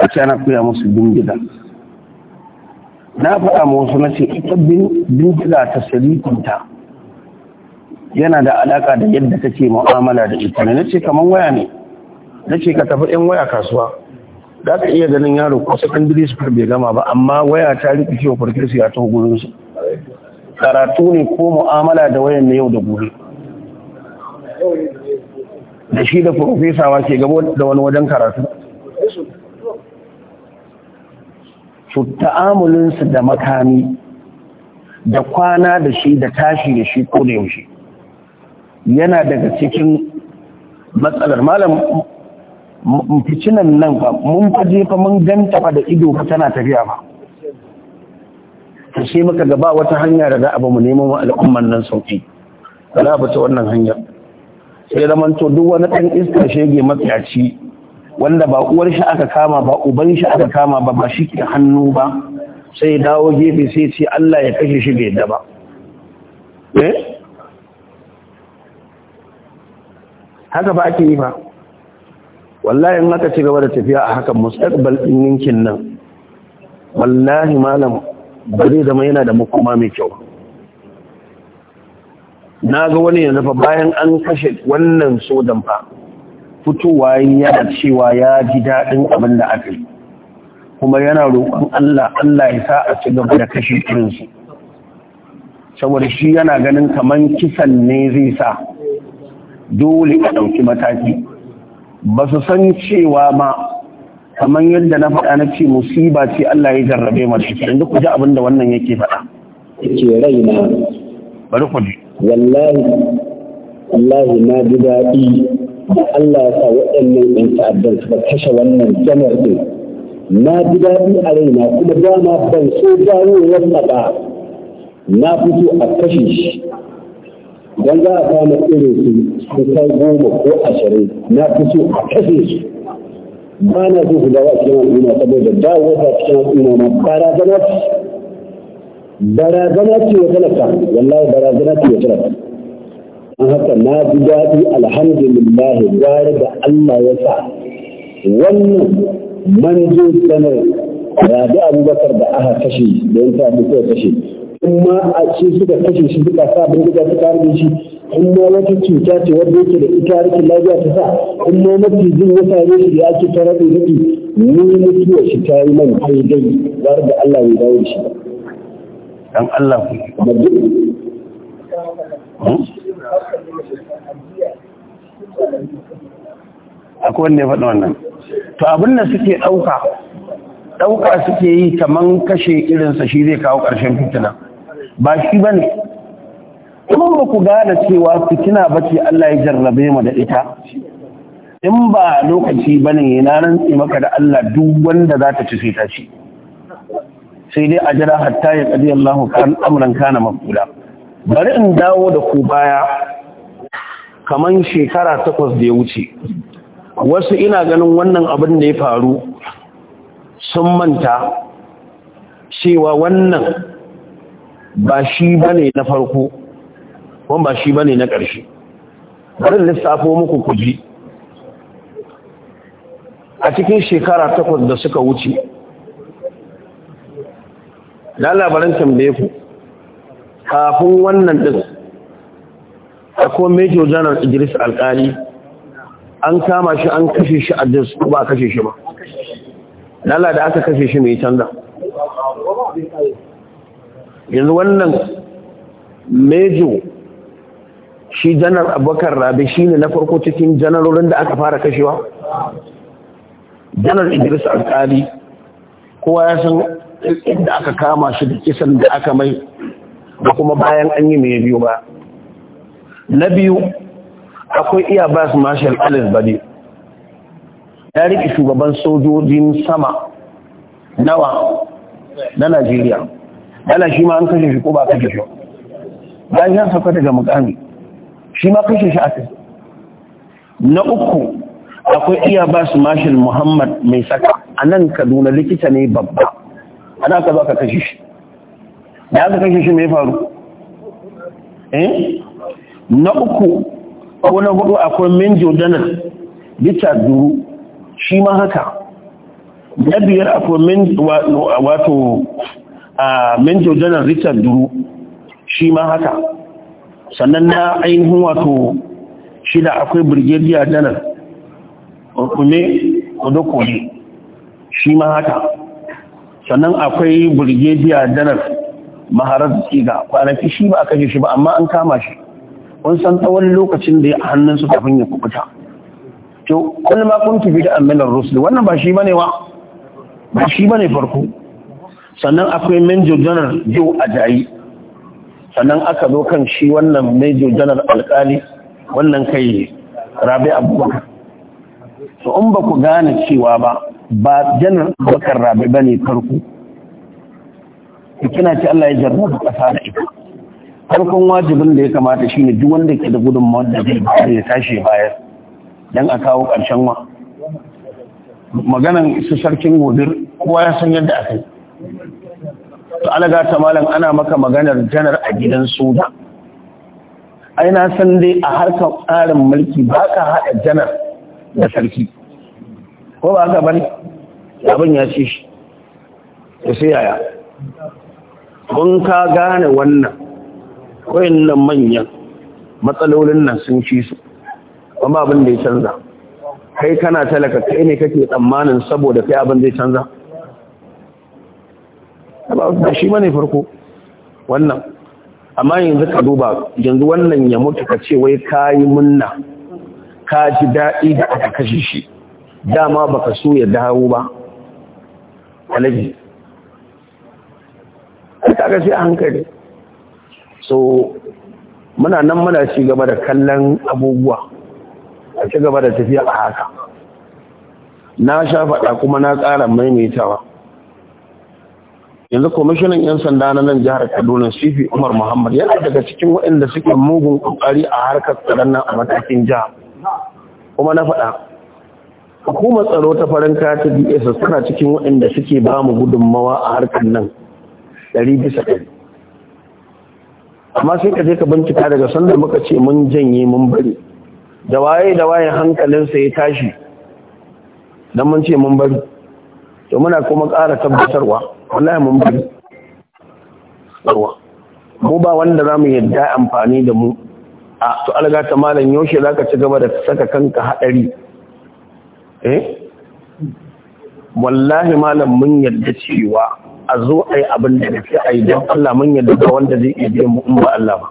a ce ana koya musu bingida na faɗa musu wasu na ce ita bingida ta sarifinta yana da alaƙa da yadda take mu'amala da ita ne na ce kamar waya ne na ce ka tafi 'yan waya kasuwa za ka iya ganin yaro ko su su bai gama ba amma waya ta rikice wa su ya taho gurinsu karatu ne ko mu'amala da wayan na yau da gobe da shi da profesa wa ke gabo da wani wajen karatu su ta'amulinsu da makami da kwana da shi da tashi da shi ko da yaushe yana daga cikin matsalar malam ficinan nan fa mun faje fa mun ganta fa da ido fa tana tafiya fa sai muka gaba wata hanya da za a ba mu neman wa al'umman nan sauki ba ta wannan hanyar sai to duk wani ɗan iska shege matsayaci wanda ba uwar shi aka kama ba uban shi aka kama ba ba shi ke hannu ba sai dawo gefe sai ce Allah ya kashe shi bai yadda ba eh? haka ba ake yi ba wallahi in aka ci gaba da tafiya a hakan mustaqbal din yankin nan wallahi malam ba zai zama yana da makoma mai kyau na ga wani yanzu fa bayan an kashe wannan sodan fa fitowa yana cewa ya ji daɗin abin da aka yi kuma yana roƙon Allah Allah ya sa a ci gaba da kashe irinsu saboda shi yana ganin kaman kisan ne zai sa dole a ɗauki mataki ba su san cewa ma kamar yadda na faɗa na ce musiba ce Allah ya jarrabe masu da shi ku ji abin da wannan yake faɗa rai raina bari ku wallahi wallahi na ji daɗi da Allah ya sa waɗannan ɗan ta'addar suka kashe wannan janar ɗin na ji daɗi a raina kuma dama ban so dawowar ba na fito a kashe shi don za a kama irin su su kai goma ko ashirin na fito a kashe su ba na so su dawo a cikin al'umma saboda dawo a cikin al'umma ma bara zama barazana ce wa talaka wallahi barazana ce wa talaka an haka na ji daɗi alhamdulillah gware da Allah ya sa wannan manjo sanar rabi abubakar da aka kashe da yanka abu kawai kashe kuma a ce suka kashe shi suka sa su suka harbe shi Kuma wata cuta ce wadda yake da ita rikin lafiya ta sa kuma ma mafi jin ya same shi da ake ta rabe ni mutuwar shi ta yi man daidai gware da Allah ya dawo da shi ba dan Allah ku hmm? akwai wanda ya faɗi wannan to abin da suke ɗauka ɗauka suke yi kamar kashe irinsa shi zai kawo ƙarshen fitina ba shi ba ne kuma ba ku gane cewa fitina ba ce Allah ya jarrabe mu da ita in ba lokaci ba ne na rantse maka da Allah duk wanda za ta ci sai ta ci sai dai a jira hatta ya kadi Allahu kan amran kana mafula bari in dawo da ku baya kamar shekara takwas da ya wuce wasu ina ganin wannan abin da ya faru sun manta cewa wannan ba shi bane na farko kuma ba shi bane na ƙarshe bari lissafo muku kuji a cikin shekara takwas da suka wuce da labaran tambaye ku kafin wannan din akwai major general idris alkali an kama shi an kashe shi a dis ba kashe shi ba lala da aka kashe shi mai canza yanzu wannan major shi janar abubakar rabe shi ne na farko cikin janarorin da aka fara kashewa janar idris alkali kowa ya san duk inda aka kama shi da kisan da aka mai da kuma bayan an yi mai biyu ba na biyu akwai iya bas marshal alice bade ya riƙe shugaban sojojin sama nawa na najeriya yana shi ma an kashe shi ko ba kashe shi bayan ya sauka daga mukami shi ma kashe shi a kai na uku akwai iya basu mashin muhammad mai saka a nan kaduna likita ne babba a da aka zo aka kashe shi da aka kashe shi mai faru eh na uku ko na hudu akwai min jordanar bisa duru shi ma haka na biyar akwai min wato a min jordanar richard duru shi ma haka sannan na ainihin wato shi da akwai brigadier janar ne kudokoli shi ma haka sannan akwai burgediya danar maharar tsiga kwanaki shi ba a kashe shi ba amma an kama shi kun san tsawon lokacin da ya hannun su kafin ya kukuta to kun ma kun tafi da aminar rusul wannan ba shi bane wa ba shi bane farko sannan akwai major general Joe Ajayi sannan aka zo kan shi wannan major general alkali wannan kai Rabi Abubakar to in ba ku gane cewa ba ba janar bakar rabe ba ne farko kina ce Allah ya jarraba ƙasa da ita farkon wajibin da ya kamata shine duk wanda ke da gudun da zai bayar ya tashi bayar don a kawo ƙarshen wa maganan su sarkin gobir kowa ya san yadda aka yi to alaga ta malam ana maka maganar janar a gidan soja ai na san dai a harkar tsarin mulki ba ka haɗa janar da sarki ko ba haka bane abin ya ci shi Ya sai yaya mun ka gane wannan nan manyan matsalolin nan sun ci su amma abin da ya canza kai kana talaka kai ne kake tsammanin saboda kai abin zai canza ba shi bane farko wannan amma yanzu ka duba yanzu wannan ya mutu ka ce wai kayi munna ka ji daɗi da aka kashe shi dama baka so ya dawo ba alaji kaga sai hankali so muna nan muna ci gaba da kallon abubuwa a ci gaba da tafiya a haka na sha faɗa kuma na ƙara maimaitawa yanzu kwamishinan 'yan sanda na nan jihar kaduna sifi umar muhammad yana daga cikin waɗanda suke mugun ƙoƙari a harkar tsaron nan a matakin jiha kuma na faɗa hukumar tsaro ta farin ta DSS suna cikin waɗanda suke ba mu gudunmawa a harkar nan ɗari amma sai ka je ka bincika daga sanda muka ce mun janye mun bari da waye da waye hankalinsa ya tashi don mun ce mun bari to muna kuma ƙara tabbatarwa wallahi mun bari mu ba wanda za mu yadda amfani da mu a to alga ta malam yaushe za ka ci gaba da saka kanka haɗari Eh? wallahi malam mun yarda cewa a zo ai abin da a ai don Allah mun yarda ba wanda zai iya biyan mu in ba Allah ba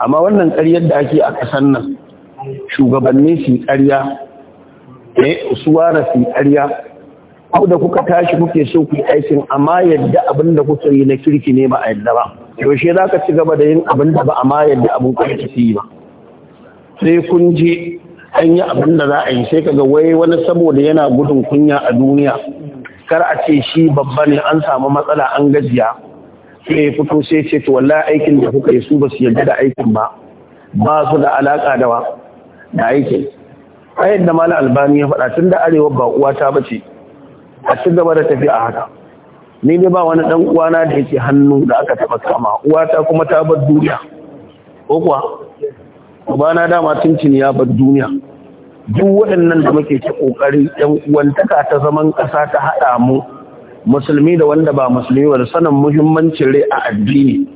amma wannan ƙaryar da ake a kasan nan shugabanni su ƙarya eh suwara su ƙarya ko da kuka tashi kuke so ku yi aikin amma yadda abin da kuka yi na kirki ne ba a yadda ba yaushe za ka ci gaba da yin abin da ba amma yadda abin ku yi ba sai kun je an yi abin da za a yi sai kaga wai wani saboda yana gudun kunya a duniya kar a ce shi babba ne an samu matsala an gajiya sai ya fito sai ce to wallahi aikin da kuka yi su ba su yarda da aikin ba ba su da alaka da da aikin a yadda malam albani ya faɗa tun da arewa ba uwata ba ce a ci gaba da tafi a haka ni ne ba wani ɗan uwana da yake hannu da aka taɓa kama uwata kuma ta bar duniya ko kuwa na dama tuncin ya bar duniya duk waɗannan da muke ci ƙoƙari ɗan uwantaka ta zaman ƙasa ta haɗa mu musulmi da wanda ba musulmi wanda sanin muhimmancin rai a addini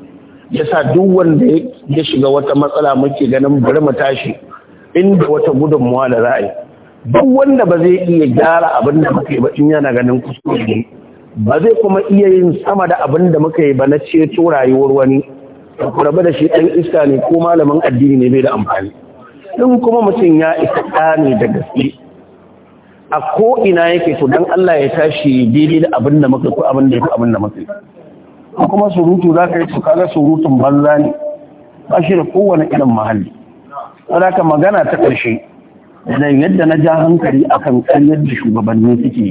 yasa duk wanda ya shiga wata matsala muke ganin bari mu tashi inda wata gudunmuwa da za a yi duk wanda ba zai iya gyara abin da muke ba in yana ganin kuskure ba zai kuma iya yin sama da abin da muka ba na ceto rayuwar wani da ku rabu da shi ɗan iska ne ko malamin addini ne bai da amfani in kuma mutum ya isa ɗani da gaske a ko'ina yake to don Allah ya tashi daidai da abin da maka ko abin da ya fi abin da maka ko kuma surutu za ka yi su kaga surutun banza ne ba shi da kowane irin mahalli saboda magana ta ƙarshe da yadda na ja hankali akan ƙaryar da shugabanni suke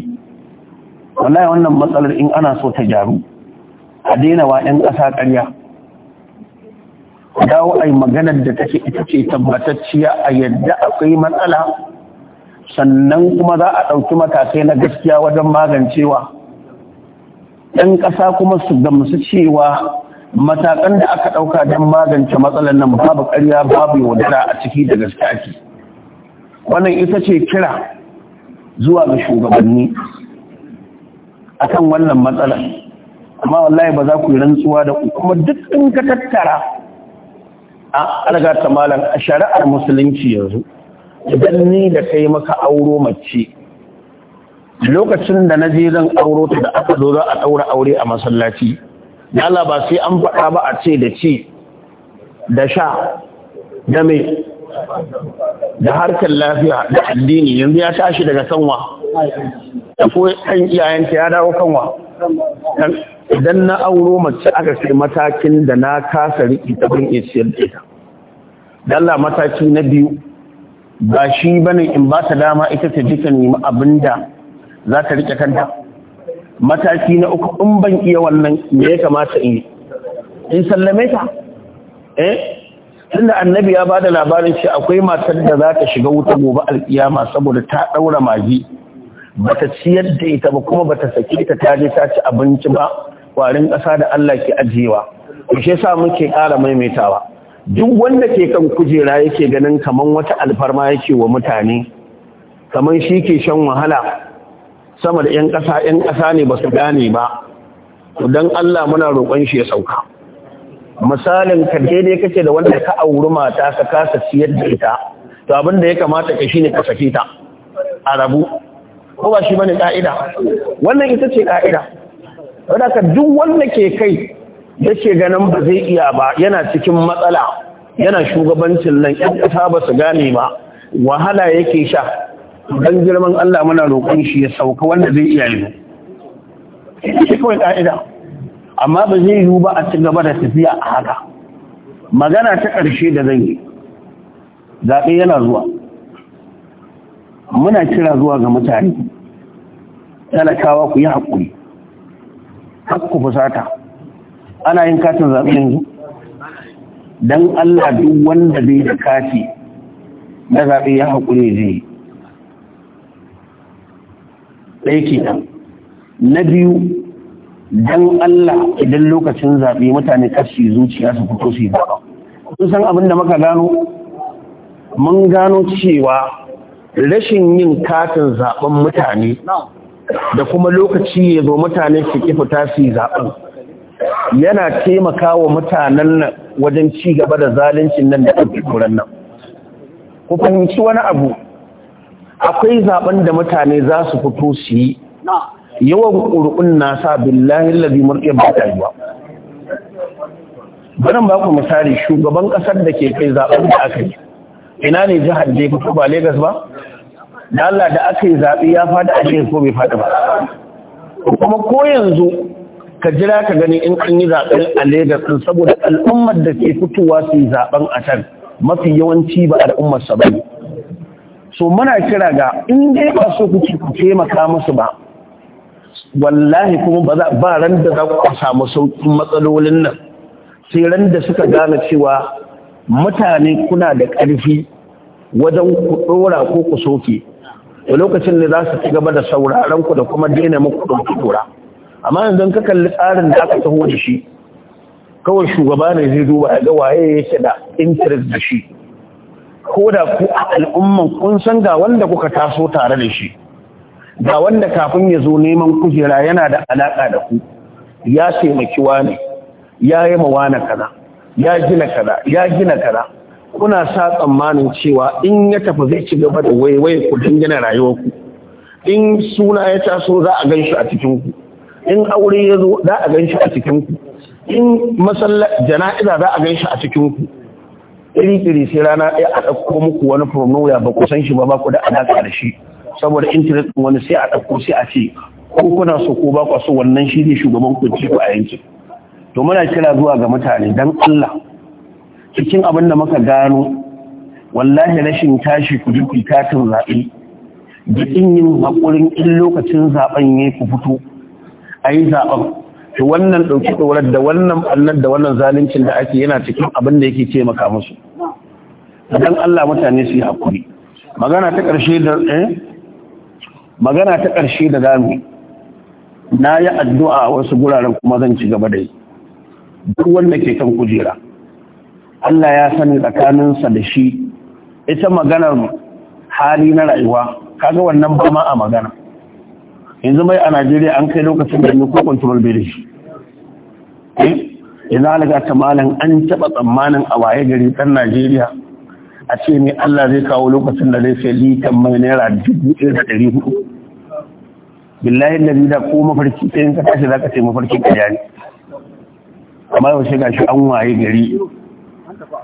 wallahi wannan matsalar in ana so ta gyaru a daina wa 'yan ƙasa ƙarya dawo a yi maganar da take ita ce tabbatacciya a yadda akwai matsala sannan kuma za a ɗauki matakai na gaskiya wajen magancewa ɗan ƙasa kuma su gamsu cewa matakan da aka ɗauka don magance matsalar nan babu ƙarya babu yaudara a ciki da gaske ake wannan ita ce kira zuwa ga shugabanni akan wannan matsalar amma wallahi ba za ku yi rantsuwa da kuma duk in ka tattara alga ta malam a shari'ar musulunci yanzu idan ni da kai maka auro mace lokacin da na je zan auro ta da aka zo za a ɗaura aure a masallaci yala ba sai an faɗa ba a ce da ce da sha da mai da harkar lafiya da addini yanzu ya tashi daga sanwa da ko kan iyayenta ya dawo kanwa idan na auro mace aka kai matakin da na kasa riƙi ta bin isiyar ita dalla mataki na biyu ba shi bane in ba ta dama ita ta jika nemi abin da za ta riƙe kanta mataki na uku in ban iya wannan me ya kamata in yi in sallame ta eh tunda annabi ya ba da labarin shi akwai matar da za ta shiga wuta gobe alkiyama saboda ta daura magi bata ciyar da ita ba kuma bata saki ta ta je ta ci abinci ba kwarin ƙasa da Allah ke ajiyewa to shi yasa muke ƙara maimaitawa duk wanda ke kan kujera yake ganin kaman wata alfarma yake wa mutane kaman shi ke shan wahala sama da ƴan ƙasa ƴan ƙasa ne ba su gane ba to dan Allah muna roƙon shi ya sauka misalin ka daidai kake da wanda ka auri mata ka kasa ciyar da ita to abin da ya kamata ka shine ka saki ta a rabu ko ba shi bane ka'ida wannan ita ce ka'ida wadaka duk wanda ke kai yake ganin ba zai iya ba yana cikin matsala yana shugabancin nan yan ƙasa ba su gane ba wahala yake sha dan girman Allah muna roƙon shi ya sauka wanda zai iya yi shi kawai ka'ida amma ba zai yiwu ba a ci gaba da tafiya a haka magana ta ƙarshe da zan yi zaɓe yana zuwa muna kira zuwa ga mutane talakawa ku yi haƙuri ku fusata ana yin katin zaɓe yanzu don allah duk wanda zai da kati na zaɓe ya haƙuri zai ɗaya ke nan na biyu don allah idan lokacin zaɓe mutane kashi zuciya su fito su yi zaɓa sun san abin da muka gano mun gano cewa rashin yin katin zaben mutane da kuma lokaci ya zo mutane su ki fita su zaben yana taimaka wa mutanen nan wajen ci gaba da zaluncin nan da ɗaukuran nan ku fahimci wani abu akwai zaben da mutane za su fito su yi yawan ƙuri'un nasa billahi lalzi murƙe ba ta yi ba ganin ba ku misali shugaban ƙasar da ke kai zaben da aka yi ina ne jihar da ya fito ba Legas ba da Allah da aka yi zaɓe ya faɗi a ko bai faɗi ba kuma ko yanzu ka jira ka gani in an yi zaɓen a Legas ɗin saboda al'ummar da ke fitowa su yi zaɓen a can mafi yawanci ba al'ummar sa ba so muna kira ga in dai ba so ku ku taimaka musu ba wallahi kuma ba za ba ran da za ku samu sauƙin matsalolin nan sai ran da suka gane cewa mutane kuna da ƙarfi wajen ku ɗora ko ku soke da lokacin da za su ci gaba da sauraron ku da kuma daina muku ɗauki tura amma yanzu ka kalli tsarin da aka taho da shi kawai shugaba ne zai duba ya ga waye yake da interest da shi ko da ku a al'umman kun san ga wanda kuka taso tare da shi ga wanda kafin ya zo neman kujera yana da alaka da ku ya taimaki wane ya yi mawana kaza ya gina kaza ya gina kaza kuna sa tsammanin cewa in ya tafi zai ci gaba da waiwai ku dangana ku in suna ya taso za a ganshi a a cikinku in aure ya zo za a ganshi a a cikinku in masalla jana'iza za a ganshi a a cikinku iri-iri sai rana ɗaya a ɗauko muku wani promoya ba ku san shi ba ba ku da alaƙa da shi saboda intanet wani sai a ɗauko sai a ce ko kuna so ko ba ku so wannan shi ne shugaban ku ci ku a yankin to muna kira zuwa ga mutane dan Allah cikin abin da muka gano wallahi rashin tashi ku duk katin zaɓe gidin yin haƙurin in lokacin zaɓen ya ku fito a yi zaɓen to wannan ɗauki ɗorar da wannan ɓannar da wannan zaluncin da ake yana cikin abin da yake taimaka musu don Allah mutane su yi haƙuri magana ta ƙarshe da eh? magana ta ƙarshe da zamu na yi addu'a wasu guraren kuma zan ci gaba da yi duk wanda ke kan kujera Allah ya sani tsakaninsa da shi ita maganar hali na rayuwa kaga wannan ba ma a magana yanzu mai a Najeriya an kai lokacin da ne ko control bai da shi eh? yanzu halaga ta malam an taba tsammanin a waye gari Dan Najeriya a ce ne Allah zai kawo lokacin da zai sai litan mai naira dubu billahi alladhi da ko mafarki sai in ka tashi za ka ce mafarki ka jari amma yau shi gashi an waye gari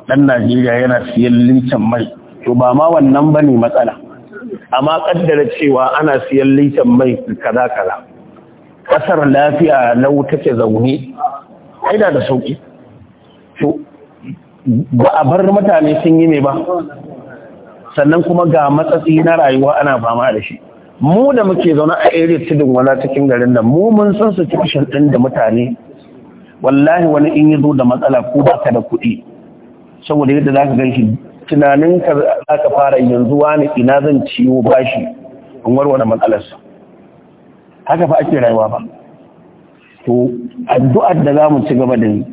ɗan Najeriya yana siyan litan mai to ba ma wannan ba ne matsala amma ƙaddara cewa ana siyan litan mai kaza kaza ƙasar lafiya wuta take zaune aida da sauƙi to ba a bar mutane sun yi ne ba sannan kuma ga matsatsi na rayuwa ana fama da shi mu da muke zaune a area cikin wala cikin garin nan mu mun san su cikin ɗin da mutane wallahi wani in yi zo da matsala ko ba ka da kuɗi saboda yadda za ka gan shi tunanin ka za ka fara yanzu wani ina zan ciwo bashi in warware matsalarsa haka fa ake rayuwa ba to addu'a da za mu ci gaba da ni,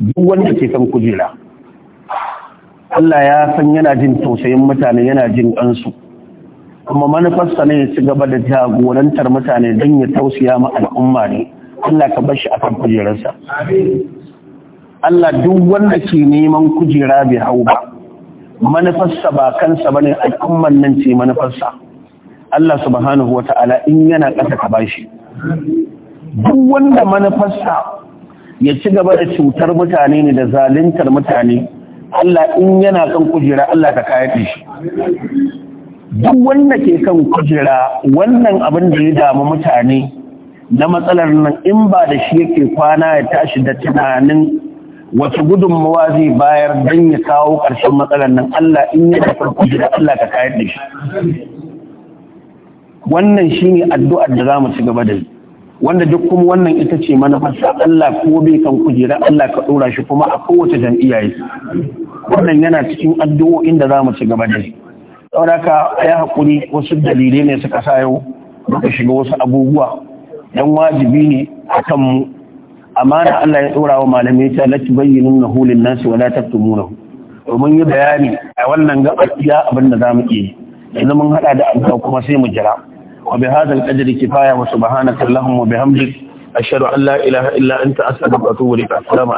duk wanda ke kan kujera Allah ya san yana jin tausayin mutane yana jin kansu kuma manufarsa ne ya ci gaba da jagorantar mutane don ya tausaya ma al'umma ne Allah ka bar shi akan kujerarsa Allah duk wanda ke neman kujera bai hau ba manufarsa ba kansa ba ne, al'umman nan ce manufarsa Allah subhanahu ta'ala in yana ƙasa ka bashi duk wanda manufarsa ya ci gaba da cutar mutane ne da zaluntar mutane Allah in yana kan kujera Allah ka kayar shi duk wanda ke kan kujera wannan abin da ya damu mutane na matsalar nan in ba da shi yake kwana ya tashi da tunanin wace gudunmawa zai bayar don ya kawo ƙarshen matsalar nan Allah in ya da farko shi da Allah ka kayar da shi wannan shine addu'ar da za mu ci gaba da yi wanda duk kuma wannan ita ce manufarsa Allah ko bai kan kujera Allah ka ɗora shi kuma a kowace jam'iyya yi wannan yana cikin addu'o'in da za mu ci gaba da yi saboda ya haƙuri wasu dalilai ne suka sa yau muka shiga wasu abubuwa dan wajibi ne kan mu amana Allah ya dora wa malamai ta la tubayyinu nahu lin nasi wa la taktumunahu to mun yi bayani a wannan gabar iya abin da zamu yi yanzu mun hada da amsa kuma sai mu jira wa bi hadha al kifaya wa subhanaka allahumma wa bihamdik ashhadu an la ilaha illa anta astaghfiruka wa atubu ilaik assalamu